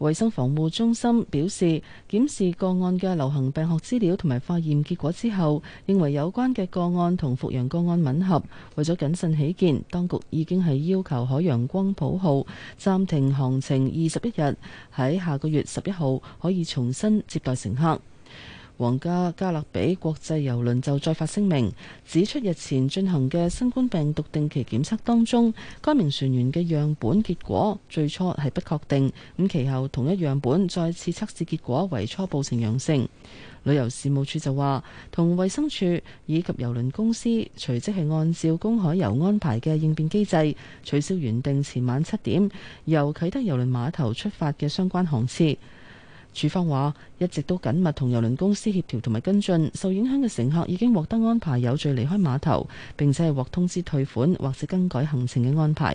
衛生防護中心表示，檢視個案嘅流行病學資料同埋化驗結果之後，認為有關嘅個案同復陽個案吻合。為咗謹慎起見，當局已經係要求海洋光譜號暫停航程二十一日，喺下個月十一號可以重新接待乘客。皇家加勒比國際郵輪就再發聲明，指出日前進行嘅新冠病毒定期檢測當中，該名船員嘅樣本結果最初係不確定，咁其後同一樣本再次測試結果為初步呈陽性。旅遊事務署就話，同衛生署以及郵輪公司隨即係按照公海遊安排嘅應變機制，取消原定前晚七點由啟德郵輪碼頭出發嘅相關航次。處方話一直都緊密同郵輪公司協調同埋跟進，受影響嘅乘客已經獲得安排有序離開碼頭，並且係獲通知退款或者更改行程嘅安排。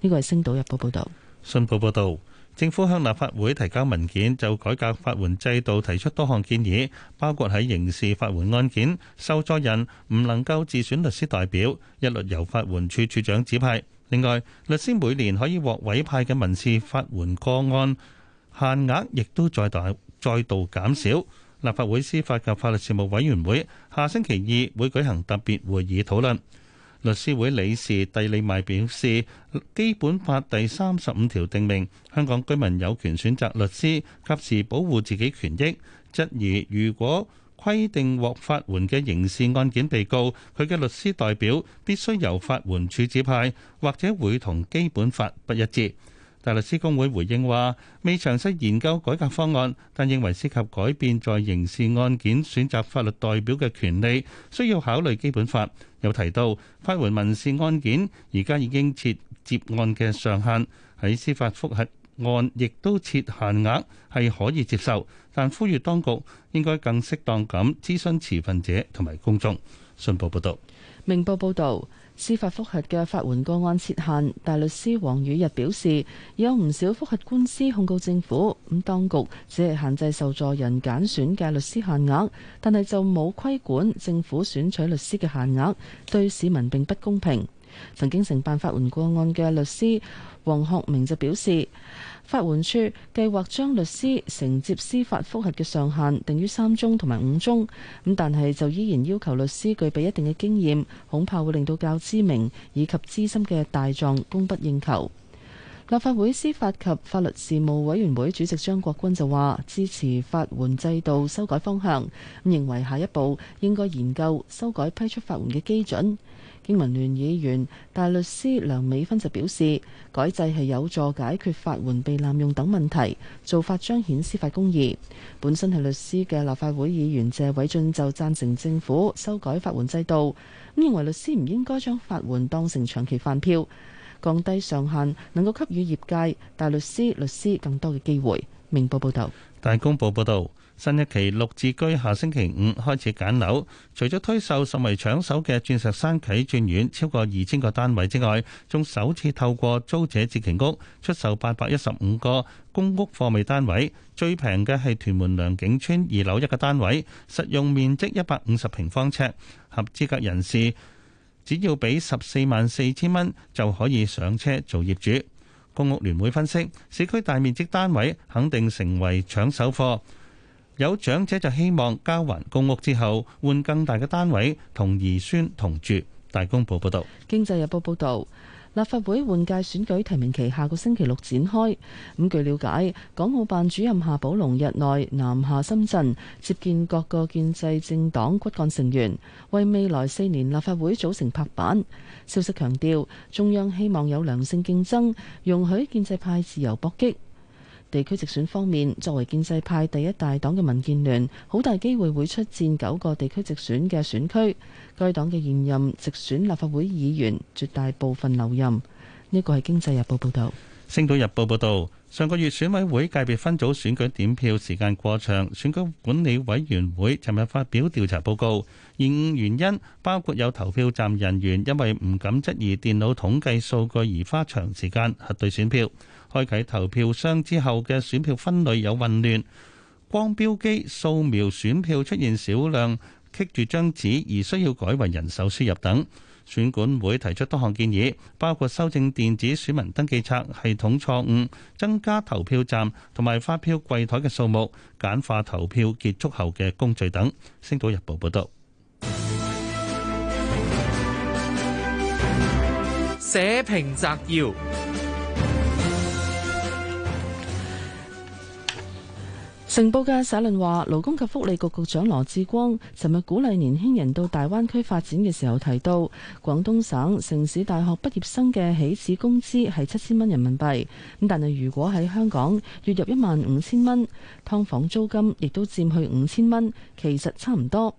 呢個係《星島日報》報導，《信報》報導，政府向立法會提交文件就改革法援制度提出多項建議，包括喺刑事法援案件受助人唔能夠自選律師代表，一律由法援處處長指派。另外，律師每年可以獲委派嘅民事法援個案。限額亦都再大再度減少。立法會司法及法律事務委員會下星期二會舉行特別會議討論。律師會理事蒂利麥表示，《基本法》第三十五條定明香港居民有權選擇律師，及時保護自己權益。質疑如果規定獲法援嘅刑事案件被告，佢嘅律師代表必須由法援處指派，或者會同《基本法》不一致。大律師公會回應話：未詳細研究改革方案，但認為涉及改變在刑事案件選擇法律代表嘅權利，需要考慮基本法。有提到法援民事案件，而家已經設接案嘅上限，喺司法覆核案亦都設限額，係可以接受。但呼籲當局應該更適當咁諮詢持份者同埋公眾。信報報道，明報報道。司法覆核嘅法援個案設限，大律師黃宇日表示，有唔少覆核官司控告政府，咁當局只係限制受助人揀選嘅律師限額，但係就冇規管政府選取律師嘅限額，對市民並不公平。曾經承辦法援個案嘅律師黃學明就表示。法援處計劃將律師承接司法覆核嘅上限定於三宗同埋五宗，咁但係就依然要求律師具備一定嘅經驗，恐怕會令到較知名以及資深嘅大狀供不應求。立法會司法及法律事務委員會主席張國鈞就話：支持法援制度修改方向，認為下一步應該研究修改批出法援嘅基準。經民聯議員、大律師梁美芬就表示，改制係有助解決法援被濫用等問題，做法彰顯司法公義。本身係律師嘅立法會議員謝偉俊就贊成政府修改法援制度，咁認為律師唔應該將法援當成長期飯票，降低上限能夠給予業界、大律師、律師更多嘅機會。明報報道。大公報報導。新一期綠置居下星期五開始揀樓，除咗推售甚為搶手嘅鑽石山啟鑽苑超過二千個單位之外，仲首次透過租者置其屋出售八百一十五個公屋貨尾單位。最平嘅係屯門良景村二樓一個單位，實用面積一百五十平方尺，合資格人士只要俾十四萬四千蚊就可以上車做業主。公屋聯會分析，市區大面積單位肯定成為搶手貨。有長者就希望交還公屋之後換更大嘅單位同兒孫同住。《大公報》報道。《經濟日報》報道，立法會換屆選舉提名期下個星期六展開。咁據了解，港澳辦主任夏寶龍日內南下深圳，接見各個建制政黨骨幹成員，為未來四年立法會組成拍板。消息強調，中央希望有良性競爭，容許建制派自由搏擊。地區直選方面，作為建制派第一大黨嘅民建聯，好大機會會出戰九個地區直選嘅選區。該黨嘅現任直選立法會議員絕大部分留任。呢個係《經濟日報》報導，《星島日報》報導，上個月選委會界別分組選舉點票時間過長，選舉管理委員會尋日發表調查報告，現原因包括有投票站人員因為唔敢質疑電腦統計數據而花長時間核對選票。開啟投票箱之後嘅選票分類有混亂，光標機掃描選票出現少量棘住張紙而需要改為人手輸入等。選管會提出多項建議，包括修正電子選民登記冊系統錯誤、增加投票站同埋發票櫃台嘅數目、簡化投票結束後嘅工序等。星島日報報道。社評摘要。成報嘅社論話，勞工及福利局局長羅志光尋日鼓勵年輕人到大灣區發展嘅時候提到，廣東省城市大學畢業生嘅起始工資係七千蚊人民幣，咁但係如果喺香港月入一萬五千蚊，劏房租金亦都佔去五千蚊，其實差唔多。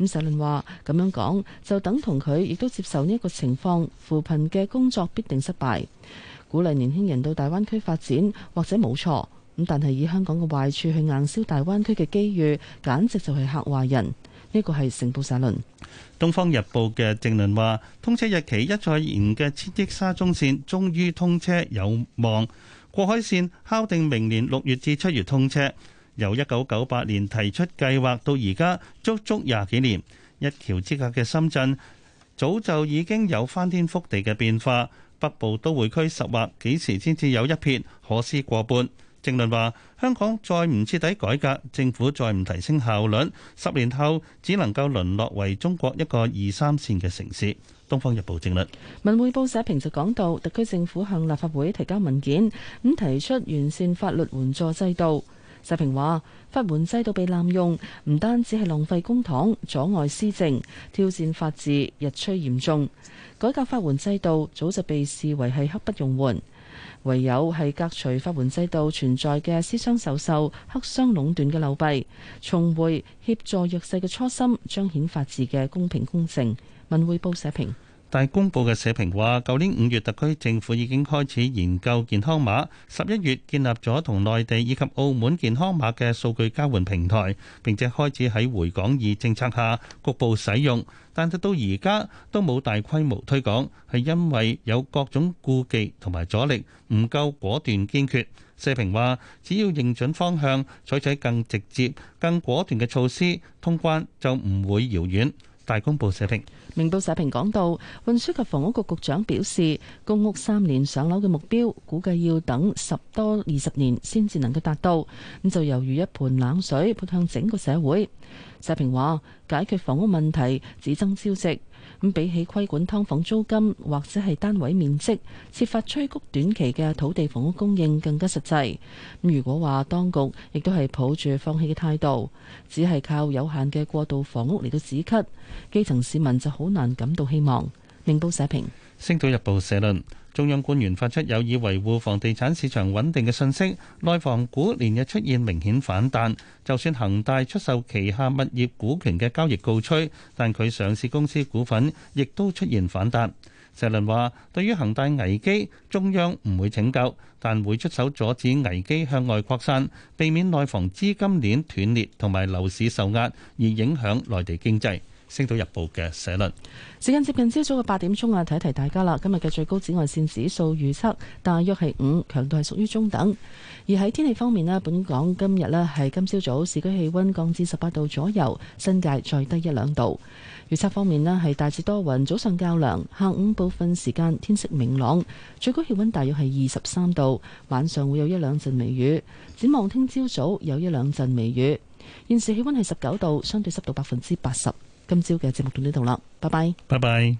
咁社論話咁樣講就等同佢亦都接受呢一個情況，扶貧嘅工作必定失敗。鼓勵年輕人到大灣區發展或者冇錯。咁但係以香港嘅壞處去硬銷大灣區嘅機遇，簡直就係嚇壞人。呢個係成報社論。《東方日報》嘅正論話：通車日期一再延嘅千億沙中線終於通車有望，過海線敲定明年六月至七月通車。由一九九八年提出計劃到而家足足廿幾年，一橋之隔嘅深圳早就已經有翻天覆地嘅變化。北部都會區十劃幾時先至有一撇，可思過半？政論話香港再唔徹底改革，政府再唔提升效率，十年後只能夠淪落為中國一個二三線嘅城市。東方日報政論，文匯報社評就講到，特區政府向立法會提交文件，咁提出完善法律援助制度。社評話，法援制度被濫用，唔單止係浪費公帑，阻礙施政，挑戰法治，日趨嚴重。改革法援制度早就被視為係刻不容緩。唯有係革除法援制度存在嘅私相授受、黑箱壟斷嘅流弊，重回協助弱勢嘅初心，彰顯法治嘅公平公正。文匯報社評。大公報嘅社評話：舊年五月特區政府已經開始研究健康碼，十一月建立咗同內地以及澳門健康碼嘅數據交換平台，並且開始喺回港易政策下局部使用。但直到而家都冇大規模推廣，係因為有各種顧忌同埋阻力，唔夠果斷堅決。社評話：只要認準方向，採取更直接、更果斷嘅措施，通關就唔會遙遠。大公報社評。明報社評講到，運輸及房屋局局長表示，公屋三年上樓嘅目標，估計要等十多二十年先至能夠達到，咁就猶如一盆冷水潑向整個社會。社評話，解決房屋問題只爭朝夕。咁比起規管劏房租金或者係單位面積設法催谷短期嘅土地房屋供應更加實際，咁如果話當局亦都係抱住放棄嘅態度，只係靠有限嘅過渡房屋嚟到止咳，基層市民就好難感到希望。明報社評，星島日報社論。中央官員發出有意維護房地產市場穩定嘅訊息，內房股連日出現明顯反彈。就算恒大出售旗下物業股權嘅交易告吹，但佢上市公司股份亦都出現反彈。石倫話：對於恒大危機，中央唔會拯救，但會出手阻止危機向外擴散，避免內房資金鏈斷裂同埋樓市受壓而影響內地經濟。《星島日報》嘅社論時間接近朝早嘅八點鐘啊，提一提大家啦。今日嘅最高紫外線指數預測大約係五，強度係屬於中等。而喺天氣方面呢，本港今日呢係今朝早，早市區氣溫降至十八度左右，新界再低一兩度。預測方面呢係大致多雲，早上較涼，下午部分時間天色明朗，最高氣溫大約係二十三度，晚上會有一兩陣微雨。展望聽朝早有一兩陣微雨。現時氣溫係十九度，相對濕度百分之八十。今朝嘅節目到呢度啦，拜拜，拜拜。